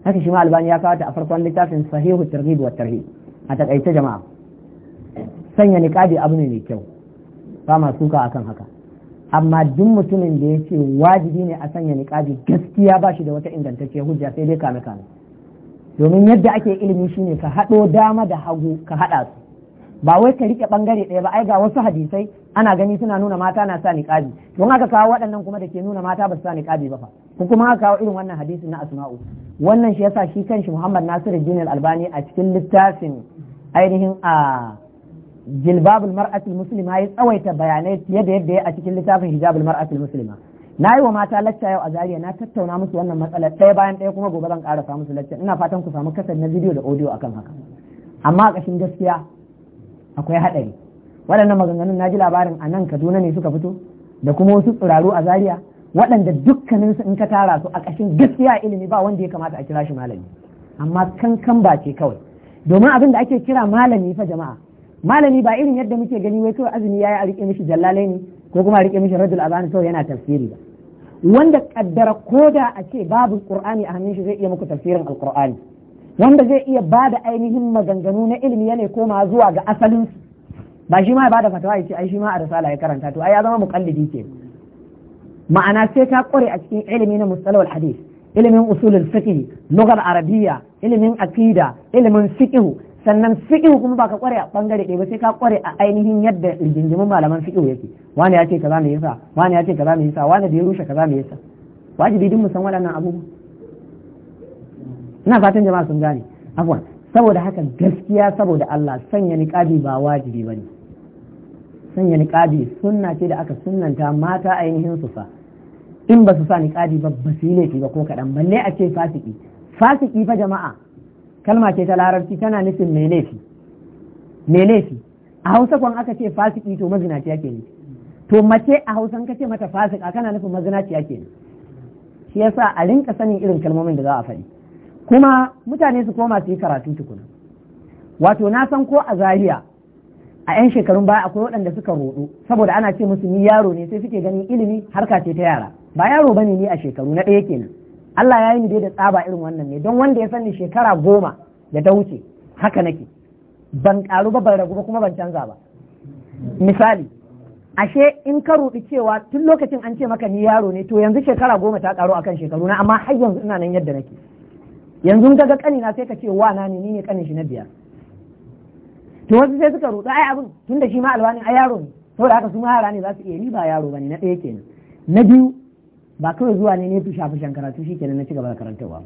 haka shi ma albani ya kawo ta a farkon littafin sahihu targhib wa tarhib a takaice jama'a sanya niqabi abu ne mai kyau ba ma suka akan haka amma duk mutumin da ya ce wajibi ne a sanya niƙabi gaskiya ba shi da wata ingantacciyar hujja sai dai kame kame domin yadda ake ilimi shine ka haɗo dama da hagu ka haɗa su ba wai ka riƙe ɓangare ɗaya ba ai ga wasu hadisai ana gani suna nuna mata na sa niƙabi don haka kawo waɗannan kuma da ke nuna mata ba su sa niƙabi ba fa ko kuma haka kawo irin wannan hadisi na asma'u wannan shi yasa shi kanshi Muhammad Nasiru Jinin Albani a cikin littafin ainihin a ah, jilbabul mar'atul muslima ya tsawaita bayanai fiye da yadda ya a cikin littafin hijabul mar'atul muslima na yi wa mata lacca yau a Zariya na tattauna musu wannan matsala Sai bayan ɗaya kuma gobe zan ƙara samu lacca ina fatan ku samu kasar na bidiyo da audio akan haka amma a ƙashin gaskiya akwai haɗari waɗannan maganganun na ji labarin a nan kaduna ne suka fito da kuma wasu tsiraru a Zariya waɗanda dukkaninsu in ka tara su a ƙashin gaskiya ilimi ba wanda ya kamata a kira shi malami amma kankan ba ce kawai domin abin da ake kira malami fa jama'a malami ba irin yadda muke gani wai kawai azumi yayi a rike mishi jallalai ne ko kuma a rike mishi radul azan kawai yana tafsiri ba wanda kaddara koda a ce babu qur'ani a hannun shi zai iya muku tafsirin alqur'ani wanda zai iya bada ainihin maganganu na ilimi yana koma zuwa ga asalin ba shi ma ya bada fatawa ya ai shi ma a risala ya karanta to ai ya zama muqallidi ke ma'ana sai ka kware a cikin ilimi na mustalawal hadith ilimin usulul fiqh lugar arabiya ilimin aqida ilimin fiqh sannan fiqh kuma ba ka kware a bangare ɗaya ba sai ka kware a ainihin yadda rigingimin malaman fiqh yake wani ya ce kaza me yasa wani ya ce kaza me yasa wani da ya rushe kaza me yasa wajibi din mu san waɗannan abubuwa ina fatan jama'a sun gane afwan saboda haka gaskiya saboda Allah sanya niqabi ba wajibi bane sanya niqabi sunna ce da aka sunnanta mata ainihin su fa in ba su sa niqabi ba ba yi laifi ba ko kaɗan balle a ce fasiki fasiki fa jama'a kalma ce ta larabci tana nufin menefi laifi a hausa kwan aka ce fasiki to mazinaci yake ne to mace a hausan ka ce mata fasika kana nufin mazinaci yake ne shi yasa a rinka sanin irin kalmomin da za a faɗi kuma mutane su koma su yi karatu tukuna wato na san ko a zahiya a 'yan shekarun baya akwai waɗanda suka roɗo saboda ana ce musu ni yaro ne sai suke ganin ilimi harka ce ta yara ba yaro bane ni a shekaru na ɗaya kenan Allah ya yi ni da tsaba irin wannan ne don wanda ya sani shekara goma da ta wuce haka nake ban karu ba ban ragu ba kuma ban canza ba misali ashe in ka rubi cewa tun lokacin an ce maka ni yaro ne to yanzu shekara goma ta karu akan shekaru na amma har yanzu ina nan yadda nake yanzu kaga ga kanina sai ka ce wa na ne ni ne kanin shi na biyar to wasu sai suka rudu ai abin tun da shi ma alwani ai yaro ne saboda haka su ma yara ne za su iya ni ba yaro bane na ɗaya kenan na biyu ba kawai zuwa ne ne su shafi karatu shi kenan na ci gaba da karantarwa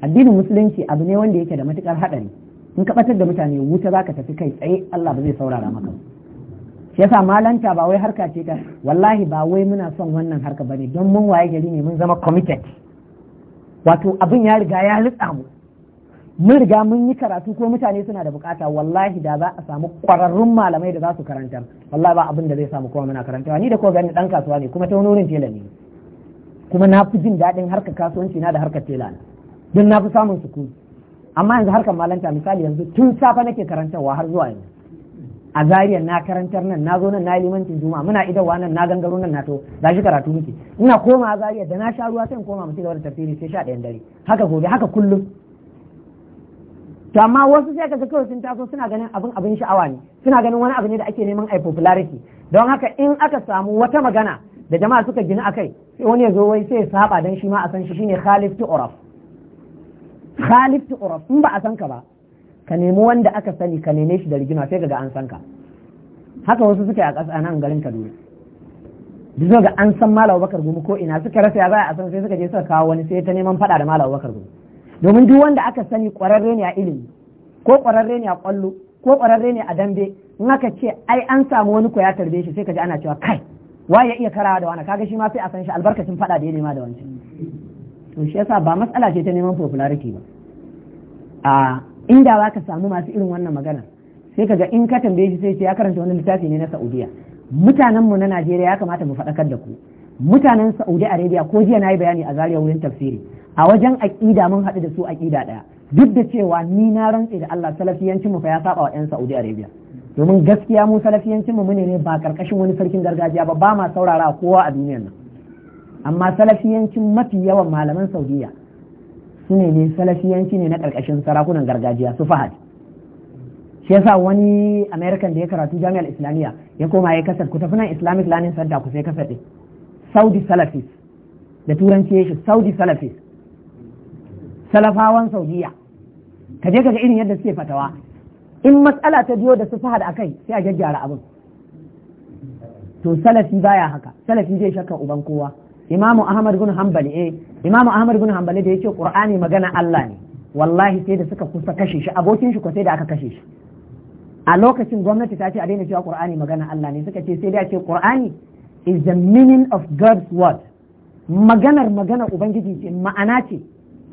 addinin musulunci abu ne wanda yake da matukar haɗari in ka batar da mutane wuta za ka tafi kai tsaye Allah ba zai saurara maka shi yasa malanta ba wai harka ce ta wallahi ba wai muna son wannan harka ne don mun waye gari ne mun zama committed wato abin ya riga ya ritsa mu mun riga mun yi karatu ko mutane suna da bukata wallahi da za a samu kwararrun malamai da za su karanta wallahi ba abin da zai samu kowa muna karantawa ni da ko gani dan kasuwa ne kuma ta wurin tela ne kuma na fi jin daɗin harkar kasuwanci na da harkar tela na don na fi samun sukuni amma yanzu harkar malanta misali yanzu tun safe nake wa har zuwa yanzu a zariya na karantar nan na zo nan na limancin juma muna idawa nan na gangaro nan na to shi karatu muke ina koma a zariya da na sha ruwa sai in koma mu ci gaba da tafsiri sai sha ɗayan dare haka gobe haka kullum to amma wasu sai ka kawai sun taso suna ganin abin abin sha'awa ne suna ganin wani abu ne da ake neman ai popularity don haka in aka samu wata magana da jama'a suka gina akai sai wani ya zo wai sai ya saba dan shi ma a san shi shine khalif tu uraf khalif tu uraf in ba a san ka ba ka nemi wanda aka sani ka neme shi da rigima sai kaga an san ka haka wasu suka yi a ƙasa nan garin Kaduna duk ga an san Malam Bakar Gumu ko ina suka rasa ya za a san sai suka je suka kawo wani sai ta neman fada da Malam Bakar Gumu domin duk wanda aka sani kwararre ne a ilimi ko ƙwararre ne a ƙwallo ko ƙwararre ne a dambe in aka ce ai an samu wani ko ya tarbe shi sai ka ji ana cewa kai waye ya iya karawa da wani kaga shi ma sai a san shi albarkacin faɗa da ya nema da wancan to shi yasa ba matsala ce ta neman popularity ba a inda za ka samu masu irin wannan magana sai ka ga in ka tambaye shi sai ce ya karanta wani littafi ne na Saudiya mutanen mu na Najeriya ya kamata mu faɗakar da ku mutanen Saudi Arabia ko jiya na yi bayani a zariya wurin tafsiri a wajen aƙida mun haɗu da su aƙida ɗaya duk da cewa ni na rantse da Allah salafiyancin mu fa ya saba wa ƴan Saudi Arabia domin gaskiya mu salafiyancin mu ne ba karkashin wani sarkin gargajiya ba ba ma saurara kowa a duniyar nan amma salafiyancin mafi yawan malaman Saudiya su ne ne salafiyanci ne na karkashin sarakunan gargajiya su Fahad shi yasa wani American da ya karatu jami'ar Islamiyya ya koma ya kasar ku tafi nan Islamic Learning Center ku sai kasar din saudi salafis da turanci ya shi saudi salafis salafawan saudiya ka je kaga irin yadda suke fatawa in matsala ta biyo da su fahad akai sai a gyaggyara abin to salafi baya haka salafi zai shakka uban kowa imamu ahmad bin hanbali eh imamu ahmad bin hanbali da yace qur'ani magana Allah ne wallahi sai da suka kusa kashe shi abokin shi ko sai da aka kashe shi a lokacin gwamnati ta ce a daina cewa qur'ani magana Allah ne suka ce sai da ce qur'ani is the meaning of God's word maganar maganar ubangiji ce ma'ana ce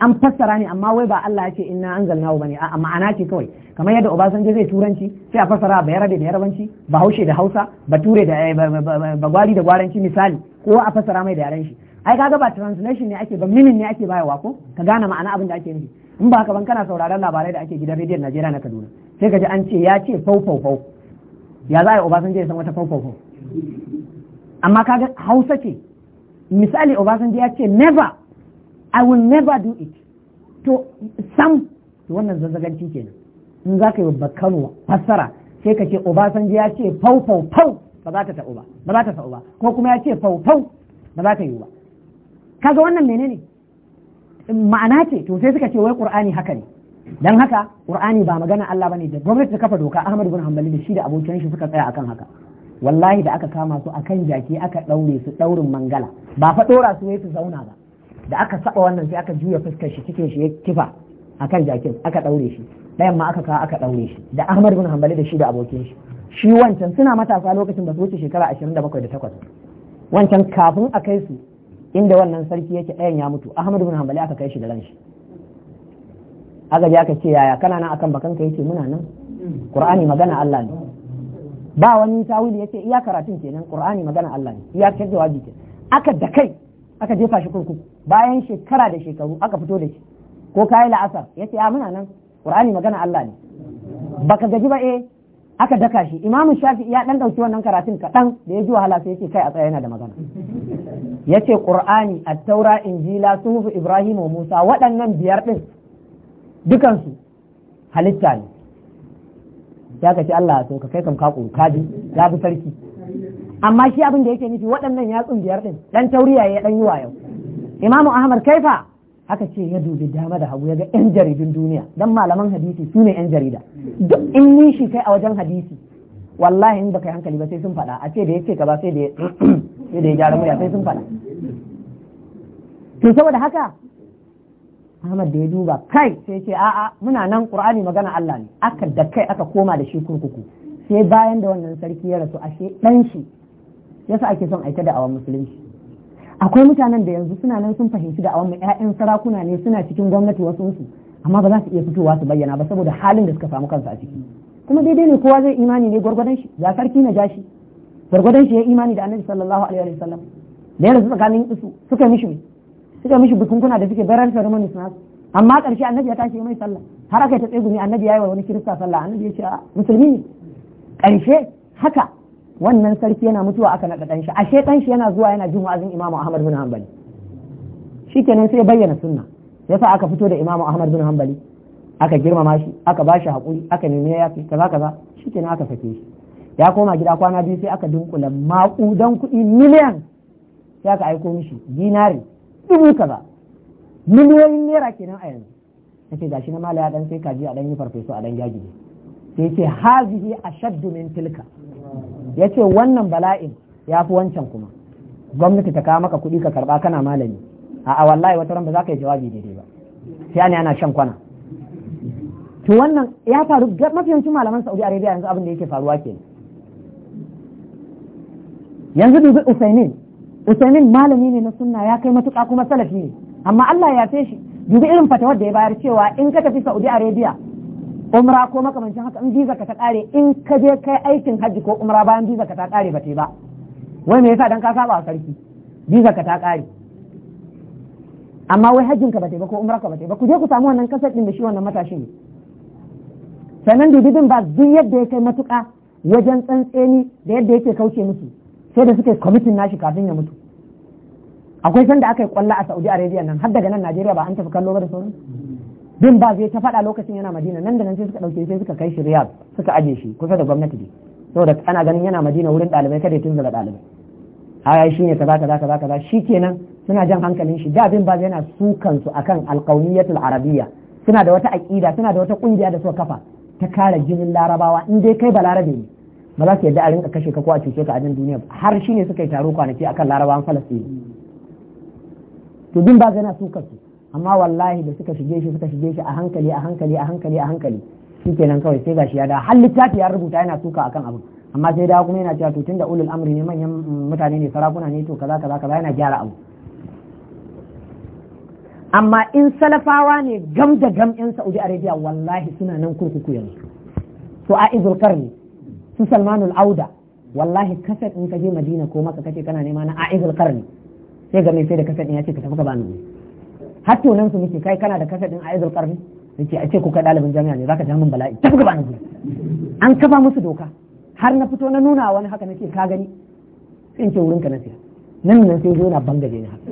an fassara ne amma wai ba Allah ya ce inna ba bane a ma'ana ce kawai kamar yadda Obasanjo zai turanci sai a fassara ba yarabe da yarabanci ba haushe da Hausa ba ture da eh, ba gwari da gwaranci misali ko a fassara mai da yaren shi ai kaga ba translation ne ake ba minin ne ake bayarwa ko ka gane ma'ana abin da ake nufi in ba haka ban kana sauraron labarai da ake gidan rediyon Najeriya na Kaduna sai ka ji an ce ya ce fau fau fau ya za a yi Obasanjo ya san wata fau fau fau amma kaga hausa ce misali obasanjo ya ce never i will never do it to sam wannan zazzaganci kenan in za ka yi kano fassara sai ka ce obasanjo ya ce fau fau fau ba za ta ta'u ba ba za ta ta'u ba ko kuma ya ce fau fau ba za ta yi ba kaga wannan menene ma'ana ce to sai suka ce wai qur'ani haka ne dan haka qur'ani ba magana Allah bane da gwamnati ta kafa doka Ahmad bin Hanbali da shi da abokan shi suka tsaya akan haka wallahi da aka kama su akan jaki aka ɗaure su ɗaurin mangala ba fa ɗora su su zauna ba da aka saba wannan sai aka juya fuskar shi cikin shi ya kifa akan jakin aka ɗaure shi ɗayan ma aka kawo aka ɗaure shi da Ahmad bin Hanbali da shi da abokin shi shi wancan suna matasa lokacin ba su wuce shekara ashirin da bakwai da takwas. wancan kafin a kai su inda wannan sarki yake ɗayan ya mutu Ahmad bin Hanbali aka kai shi da ran shi aka je aka ce yaya kana nan akan bakan ka yake muna nan Qur'ani magana Allah ne ba wani tawili yace iya karatun kenan qur'ani magana Allah ne iya kai jawabi kenan aka da kai aka jefa shi kurkuku bayan shekara da shekaru aka fito da shi ko kai la'asar yace a muna nan qur'ani magana Allah ne baka gaji ba eh aka daka shi imamu shafi ya ɗan ɗauki wannan karatun kaɗan da ya ji wahala sai yace kai a tsaye yana da magana yace qur'ani at-taura injila suhuf ibrahim musa waɗannan biyar ɗin dukansu halitta ne ya kaci Allah to ka kai kam ka ƙuru kaji ya fi sarki amma shi abin da yake nufi waɗannan yatsun biyar ɗin Ɗan tauriya ya ɗan yi wa yau. imamu ahmad kaifa aka ce ya dubi dama da hagu ya ga yan jaridun duniya dan malaman hadisi su ne yan jarida duk in ni shi kai a wajen hadisi wallahi in baka kai hankali ba sai sun faɗa a ce da ya ce ka ba sai da ya gyara murya sai sun faɗa to saboda haka Ahmad da ya duba kai sai ce a'a muna nan Qur'ani magana Allah ne aka da kai aka koma da shi kurkuku sai bayan da wannan sarki ya rasu ashe dan shi yasa ake son aita da awan musulunci akwai mutanen da yanzu suna nan sun fahimci da awan ƴaƴan sarakuna ne suna cikin gwamnati wasu su amma ba za su iya fitowa su bayyana ba saboda halin da suka samu kansu a ciki kuma daidai ne kowa zai imani ne gwargwadon shi ya sarki na jashi gwargwadon shi ya imani da Annabi sallallahu alaihi wasallam da yanzu tsakanin su suka mishi suka mishi bukunkuna da suke barar ceremonies su. amma karshe annabi ya tashi mai sallah har aka ta tsegumi annabi ya yi wa wani kirista sallah annabi ya ce musulmi ne karshe haka wannan sarki yana mutuwa aka naɗa ɗan shi ashe ɗan shi yana zuwa yana jin wa'azin imamu ahmad bin hanbali shikenan sai bayyana sunna yasa aka fito da imamu ahmad bin hanbali aka girmama shi aka ba shi haƙuri aka nemi ya fi kaza kaza shikenan aka sake shi ya koma gida kwana biyu sai aka dunkula maƙudan kuɗi miliyan sai aka aiko mishi dinari dubu kaza miliyoyin naira kenan a yanzu ga gashi na mala ya dan sai kaji a dan yi farfesu a dan yaji sai yace hazihi ashaddu min tilka yace wannan bala'in yafi wancan kuma gwamnati ta kawo maka kuɗi ka karba kana malami a'a wallahi wata ran ba za ka yi jawabi daidai ba sai ana yana shan kwana to wannan ya faru mafi yawancin malaman Saudi Arabia yanzu abin da yake faruwa kenan yanzu dubu Usaimin usaimin malami ne na sunna ya kai matuƙa kuma salafi ne amma Allah ya fe shi dubi irin fatawar da ya bayar cewa in ka tafi Saudi Arabia umra ko makamancin haka in biza ka ta ƙare in ka je kai aikin hajji ko umra bayan biza ka ta ƙare ba ba wai me yasa dan ka saba sarki Biza ka ta ƙare? amma wai hajjin ka ba ba ko umra ka ba ba ku je ku samu wannan kasar din da shi wannan matashi ne sannan dubi din ba duk yadda ya kai matuƙa wajen tsantseni da yadda yake kauce musu sai da suka kwamitin nashi kafin ya mutu akwai sanda aka yi kwallo a saudi arabia nan har daga nan najeriya ba an tafi kallo ba da sauran bin ba zai ta faɗa lokacin yana madina nan da nan sai suka ɗauke sai suka kai shi riyad suka aje shi kusa da gwamnati ne saboda ana ganin yana madina wurin ɗalibai kada ya tunzura ɗalibai aya shi ne kaza kaza kaza kaza shi kenan suna jan hankalin shi da bin ba yana sukan su akan alqawmiyatul arabiyya suna da wata aqida suna da wata kungiya da suka kafa ta kare jinin larabawa in dai kai balarabe ne ba za su yadda a rinka kashe ka ko a cuce ka a nan duniya har shi ne suka yi taro kwanaki akan larabawan falastini to bin ba gana su kasu amma wallahi da suka shige shi suka shige shi a hankali a hankali a hankali a hankali shi kenan kawai sai gashi ya da har littafi ya rubuta yana suka akan abin amma sai da kuma yana cewa to tunda ulul amri ne manyan mutane ne sarakuna ne to kaza kaza kaza yana gyara abu amma in salafawa ne gam da gam yan Saudi Arabia wallahi suna nan kurkuku yanzu to a izul karni su salmanul auda wallahi kasar in ka je madina ko maka kace kana nema na a'izul qarni sai ga mai sai da kasar din ya ce ka tafi ka bani ne har nan su muke kai kana da kasar din a'izul qarni yace a ce ku kai dalibin jami'a ne zaka ja min bala'i tafi ka bani ne an kafa musu doka har na fito na nuna wani haka nake ka gani sai in ce wurin ka na siya nan nan sai zo na bangaje ni haka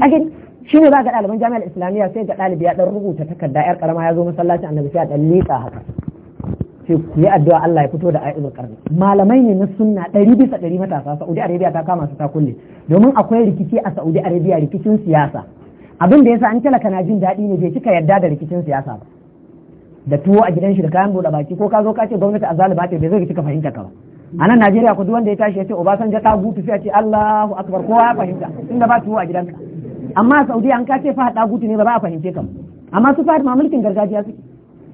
Akin, gani shi ne za ga ɗaliban jami'ar islamiyya sai ga ɗalibi ya ɗan rubuta takarda 'yar ƙarama ya zo masallacin annabi sai a ɗan leƙa haka sai ku yi addu'a Allah ya fito da ayatul qarni malamai ne na sunna ɗari bisa ɗari matasa Saudi Arabia ta kama su ta kulle domin akwai rikici a Saudi Arabia rikicin siyasa abin da yasa an talaka na jin daɗi ne bai cika yarda da rikicin siyasa ba da tuwo a gidan shi da kayan bude baki ko ka zo ka ce gwamnati azaliba ce bai zai cika fahimta ka ba a nan Najeriya ku duk wanda ya tashi ya ce Obasanjo ta gutu sai a ce Allahu akbar kowa ya fahimta inda ba tuwo a gidanka amma a Saudi an ka ce fa hada gutu ne ba za a fahimce ka amma su fa mamulkin gargajiya suke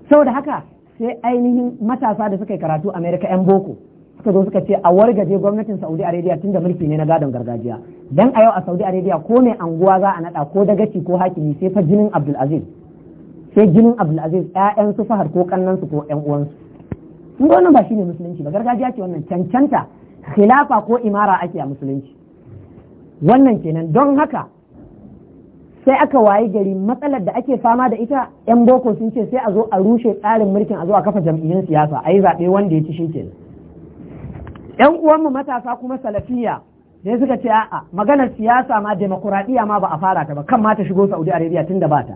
saboda haka sai ainihin matasa da suka yi karatu amerika yan boko suka zo suka ce a wargaje gwamnatin saudi arabia da mulki ne na gadon gargajiya dan a yau a saudi arabia ko mai anguwa za a nada ko dagaci ko hakimi sai fa jinin Abdul aziz. sai jinin abdulaziz ƴaƴan su fahar ko kannan su ko ƴan uwansu in wannan ba shine musulunci ba gargajiya ce wannan cancanta khilafa ko imara ake a musulunci wannan kenan don haka sai aka wayi gari matsalar da ake fama da ita yan boko sun ce sai a zo a rushe tsarin mulkin a zo a kafa jam'iyyun siyasa a yi zaɓe wanda ya ci shi yan uwanmu matasa kuma salafiya sai suka ce a'a maganar siyasa ma demokuraɗiyya ma ba a fara ta ba kan ma ta shigo saudi arabia tun da ba ta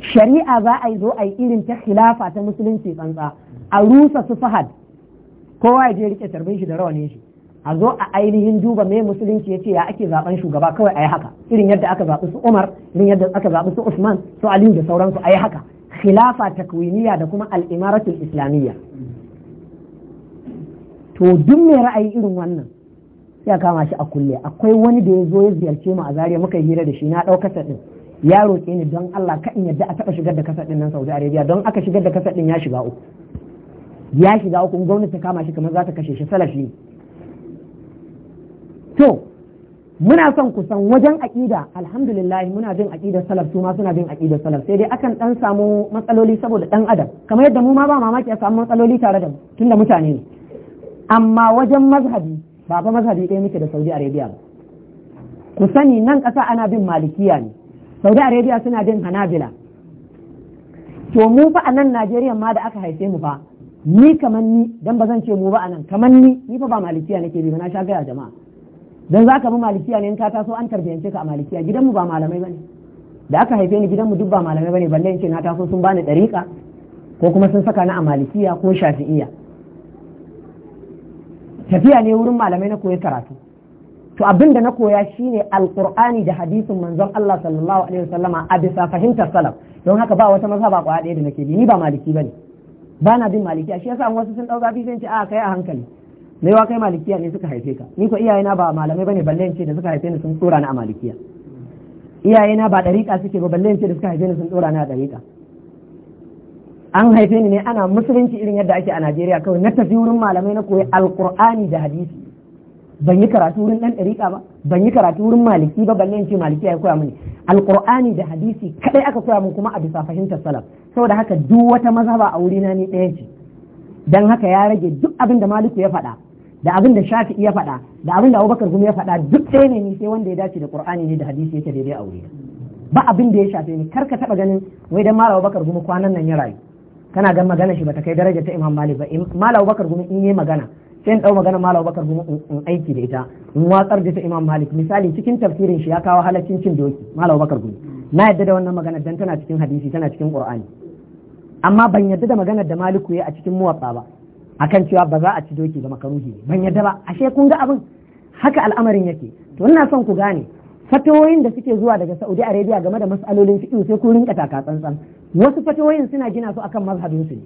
shari'a za a zo a yi irin ta khilafa ta musulunci tsantsa a rusa su fahad kowa ya je riƙe tarbin shi da rawanin shi a zo a ainihin duba me musulunci ya ce ya ake zaben shugaba kawai a yi haka irin yadda aka zaɓi su umar irin yadda aka zaɓi su usman su aliyu da sauransu a yi haka khilafa takwiniya da kuma al'imaratul islamiyya to duk mai ra'ayi irin wannan ya kama shi a kulle akwai wani da ya zo ya ziyarce mu a zariya muka hira da shi na ɗau kasa ɗin ya roƙe ni don Allah kan yadda a taɓa shigar da kasa ɗin nan Saudi Arabia don aka shigar da kasa ɗin ya shiga uku ya shiga uku gwamnati ta kama shi kamar za ta kashe shi salafi ne to muna son ku san wajen aƙida alhamdulillah muna bin aqidar salaf su ma suna bin aqidar salaf sai dai akan dan samu matsaloli saboda dan adam kamar yadda mu ma ba mamaki a samu matsaloli tare da mu tunda mutane ne amma wajen mazhabi ba fa mazhabi ɗaya muke da Saudi Arabia ba ku sani nan ƙasa ana bin malikiya ne Saudi Arabia suna bin Hanabila to mu fa a nan Najeriya ma da aka haife mu fa ni kamar ni dan ba zan ce mu ba a nan kamar ni ni fa ba malikiya nake bi na sha gaya jama'a dan za ka bi malikiya ne in ka taso an tarbiyance ka a malikiya gidanmu ba malamai bane da aka haife ni gidanmu duk ba malamai bane balle in ce na taso sun bani dariƙa ko kuma sun saka ni a malikiya ko shafi'iya tafiya ne wurin malamai na koyi karatu to abin da na koya shine alqur'ani da hadisin manzon Allah sallallahu alaihi wasallama a bisa fahimtar salaf don haka ba wata mazhaba kwa ɗaya da nake bi ni ba maliki bane ba na bin maliki shi yasa wasu sun dauka zafi sai ce a ah, kai a hankali Mai wa kai malikiya ne suka haife ka ni ko iyaye na ba malamai bane balle ce da suka haife ni sun tsora ni a malikiya Iyaye na ba dariƙa suke ba balle ce da suka haife ni sun tsora ni a dariƙa an haife ni ne ana musulunci irin yadda ake a Najeriya kawai na tafi wurin malamai na koyi alqur'ani da hadisi ban yi karatu wurin dan dariƙa ba ban yi karatu wurin maliki ba balle ce maliki ya koya mini alqur'ani da hadisi kadai aka koya min kuma a bisa fahimtar salaf saboda haka duk wata mazhaba a wurina ni ɗaya ce dan haka ya rage duk abin da maliku ya faɗa da abin da shafi ya faɗa da abin da abubakar gumi ya faɗa duk ɗaya ne ni sai wanda ya dace da qur'ani ne da hadisi yake daidai a wuri ba abin da ya shafe ni kar ka taɓa ganin wai dan malam abubakar gumi kwanan nan ya rayu kana gan magana shi bata kai daraja ta imam malik ba malam abubakar gumi in yi magana sai in ɗau magana malam abubakar gumi in aiki da ita in watsar da ta imam malik misali cikin tafsirin shi ya kawo halaccin cin doki malam abubakar gumi na yadda da wannan magana dan tana cikin hadisi tana cikin qur'ani amma ban yadda da maganar da maliku ya a cikin muwatsa ba akan cewa ba za a ci doki ba makaruhi ban yadda ba ashe kun ga abin haka al'amarin yake to ina son ku gane fatoyoyin da suke zuwa daga Saudi Arabia game da masalolin fiqh sai ku rinka taka tsantsan wasu fatoyoyin suna gina su akan mazhabin su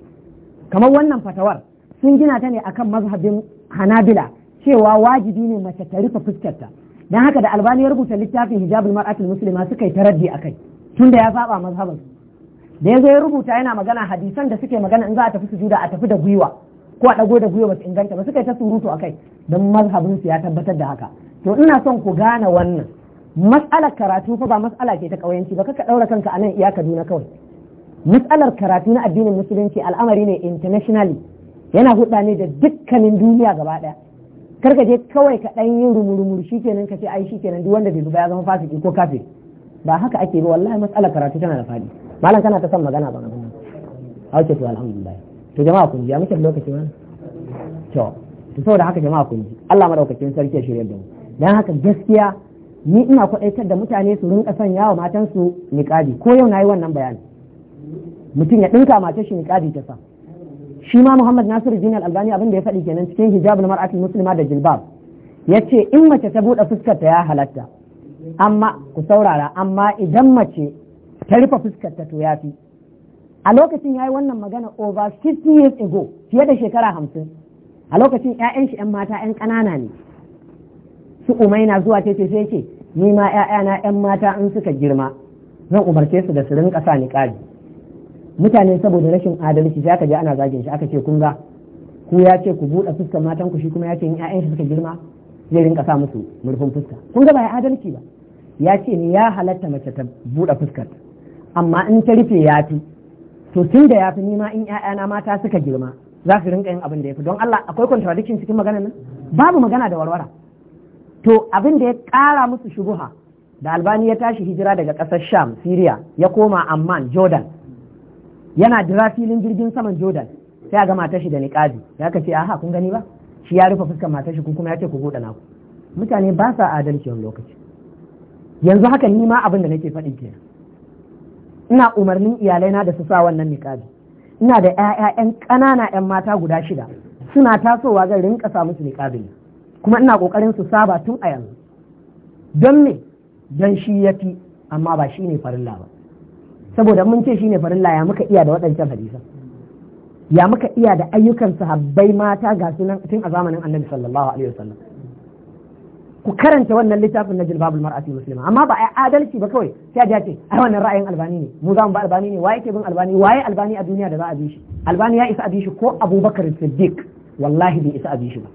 kamar wannan fatawar sun gina ta ne akan mazhabin Hanabila cewa wajibi ne mace ta rufe fuskarta dan haka da albani ya rubuta littafin hijabul mar'atul muslima suka yi taraddi akai tunda ya saba mazhabin da yazo ya rubuta yana magana hadisan da suke magana in za a tafi sujuda a tafi da gwiwa ko a ɗago da gwiwa ba su inganta ba suka yi ta surutu a kai don mazhabin ya tabbatar da haka to ina son ku gane wannan mas'alar karatu fa ba mas'ala ce ta ƙauyanci ba kaka ɗaura kanka a nan iya kaduna kawai mas'alar karatu na addinin musulunci al'amari ne internationally yana hudda ne da dukkanin duniya gaba ɗaya kar ka je kawai ka ɗan yin rumurumur shi kenan ka ce ai shi kenan duk wanda bai zuba ya zama fasiki ko kafe ba haka ake ba wallahi mas'alar karatu tana da faɗi malam kana ta son magana ba a wuce to alhamdulillah to jama'a kun ji ya muke lokaci wani to to saboda haka jama'a kun ji Allah madaukakin sarki ya shirya da mu dan haka gaskiya ni ina kwaɗaitar da mutane su rinka sanya wa matansu niƙabi ko yau na yi wannan bayani mutum ya ɗinka mace shi niƙabi ta sa shi ma Muhammad Nasiru al Albani abin da ya faɗi kenan cikin hijabul marati muslima da jilbab yace in mace ta buɗe fuskar ta ya halatta amma ku saurara amma idan mace ta rufe fuskar ta to yafi a lokacin ya yi wannan magana over 50 years ago fiye da shekara hamsin a lokacin 'ya'yan shi 'yan mata 'yan ƙanana ne su Umai na zuwa ce ce sai ce ni ma 'ya'yana 'yan mata in suka girma zan umarce su da su rinka sa ƙari. mutane saboda rashin adalci sai aka je ana zagin shi aka ce kun ga ku ya ce ku buɗe fuskar matan ku shi kuma ya ce in 'ya'yan shi suka girma zai rinka sa musu murfin fuska kun ga ba ya adalci ba ya ce ne ya halatta mace ta buɗe fuskar amma in ta rufe ya fi to tun da ya fi nima in ‘ya'yana mata suka girma za su rinka yin abin da ya fi don Allah akwai contradiction cikin magana nan babu magana da warwara to abin da ya ƙara musu shubuha da albani ya tashi hijira daga ƙasar sham syria ya koma amman jordan yana jira filin jirgin saman jordan sai a ga matar da niqabi ya ka ce aha kun gani ba shi ya rufe fuskar matar shi kuma ya ce ku buɗe naku mutane ba sa adalci wani lokaci yanzu haka ni ma abin da nake faɗin kenan ina umarnin iyalaina da su sa wannan niqabi ina da ƴaƴa ƴan ƙanana ƴan mata guda shida suna tasowa zan rinka sa musu niqabin kuma ina ƙoƙarin su saba tun a yanzu don me don shi yafi amma ba shine farilla ba saboda mun ce shine farilla ya muka iya da waɗancan hadisa ya muka iya da ayyukan sahabbai mata ga sunan tun a zamanin annabi sallallahu alaihi wasallam ku karanta wannan littafin na jilbabul mar'ati muslima amma ba a adalci ba kawai sai a ce ai wannan ra'ayin albani ne mu za mu ba albani ne waye ke bin albani waye albani a duniya da za a bi shi albani ya isa a bi shi ko abubakar siddiq wallahi bai isa a bi shi ba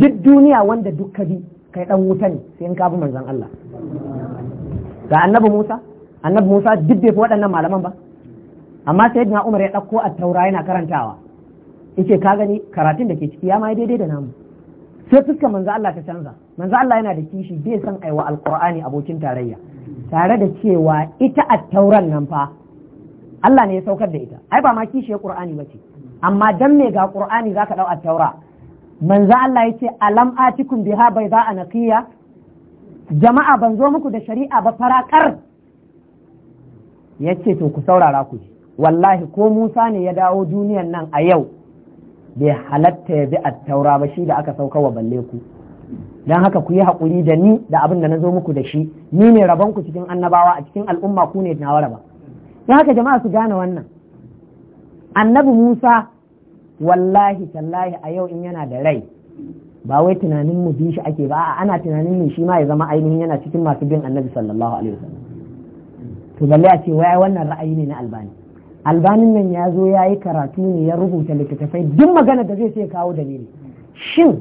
duk duniya wanda duk ka bi kai dan wuta ne sai in ka bi manzon Allah ga annabi Musa annabi Musa duk bai fi waɗannan malaman ba amma sai na Umar ya ɗauko a taura yana karantawa yace ka gani karatun da ke ciki ya ma daidai da namu sai fuska manzo Allah ta canza manzo Allah yana da kishi bai san aiwa alqur'ani abokin tarayya tare da cewa ita tauran nan fa Allah ne ya saukar da ita ai ba ma kishi ya qur'ani bace amma dan me ga qur'ani zaka dau attaura manzo Allah yace alam atikum biha bai bayda anqiya jama'a ban zo muku da shari'a ba farakar yace to ku saurara ku wallahi ko Musa ne ya dawo duniyar nan a yau bai halatta ya bi attaura ba shi da aka sauka wa balle ku dan haka ku yi haƙuri da ni da abin da na zo muku da shi ni ne rabon ku cikin annabawa a cikin al'umma ku ne nawa raba Don haka jama'a su gane wannan annabi Musa wallahi tallahi a yau in yana da rai ba wai tunanin mu bi shi ake ba ana tunanin mu shi ma ya zama ainihin yana cikin masu bin annabi sallallahu alaihi wasallam to balle a ce wai wannan ra'ayi ne na albani albanin nan ya zo ya yi karatu ne ya rubuta littattafai duk magana da zai sai kawo dalili shin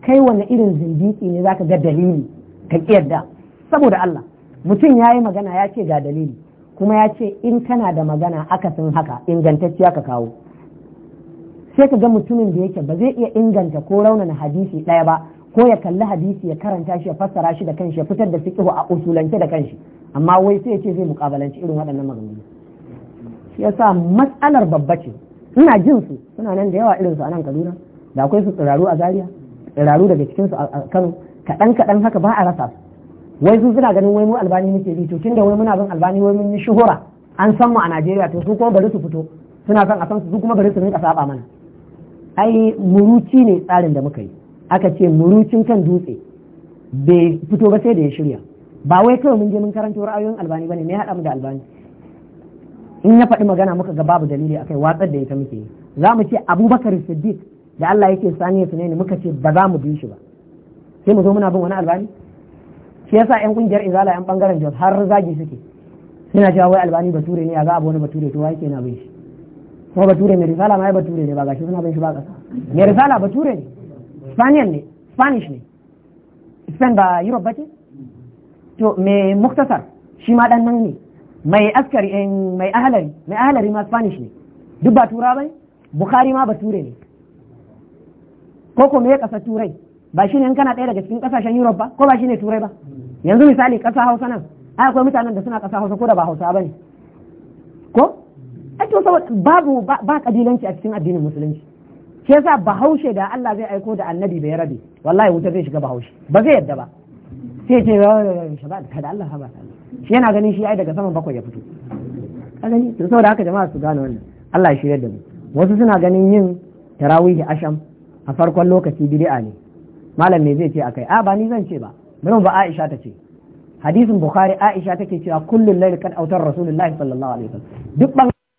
kai wani irin zindiki ne zaka ga dalili ka yarda saboda Allah mutum ya yi magana ya ce ga dalili kuma ya ce in kana da magana aka akasin haka ingantacciya ka kawo sai ka ga mutumin da yake ba zai iya inganta ko raunana hadisi ɗaya ba ko ya kalli hadisi ya karanta shi ya fassara shi da kanshi ya fitar da fiqhu a usulance da kanshi amma wai sai ya ce zai mukabalanci irin waɗannan maganganu yasa matsalar babba ce ina jin su suna nan da yawa irin su a nan Kaduna da akwai su tsiraru a Zaria tsiraru daga cikin su a Kano kaɗan kaɗan haka ba a rasa su wai su suna ganin wai mu albani muke bi to da wai muna bin albani wai mun yi shuhura an san mu a Najeriya to su kuma bari su fito suna son a san su su kuma bari su rinka saba mana ai muruci ne tsarin da muka yi aka ce murucin kan dutse bai fito ba sai da ya shirya ba wai kawai mun je mun karanto ra'ayoyin albani bane ne haɗa mu da albani in ya faɗi magana muka ga babu dalili akai watsar da ita muke yi za mu ce abubakar siddiq da Allah yake saniya su ne muka ce ba za mu bi shi ba sai mu zo muna bin wani albani shi yasa yan kungiyar izala yan bangaren jos har zagi suke suna cewa wai albani bature ne ya ga abu wani bature to wai na bin shi kuma bature mai risala ma ya bature ne ba gashi suna bin shi ba kasa mai risala bature ne spaniyan ne spanish ne spain ba europe ba ce to mai muktasar shi ma dan nan ne mai askari eh, mai ahalari mai ahalari ma spanish ne duk ba tura bai bukhari ma bature ne ko ko ya kasa turai ba shine in kana ɗaya daga cikin kasashen europe ba ko ba shine turai ba yanzu misali kasa hausa nan a akwai mutanen da suna kasa hausa ko da ba hausa bane ko ake saboda babu ba kabilanci a cikin addinin musulunci shi yasa bahaushe da Allah zai aiko da annabi bai rabe wallahi wuta zai shiga bahaushe ba zai yadda ba sai ce oh, shabab kada Allah haba shi yana ganin shi ai daga saman bakwai ya fito ka gani to saboda haka jama'a su gane wannan Allah ya shirya da mu wasu suna ganin yin tarawihi asham a farkon lokaci bid'a ne malam me zai ce akai a ba ni zan ce ba bari ba Aisha ta ce hadisin Bukhari Aisha take cewa kullun layl kan autar Rasulullahi sallallahu alaihi wasallam duk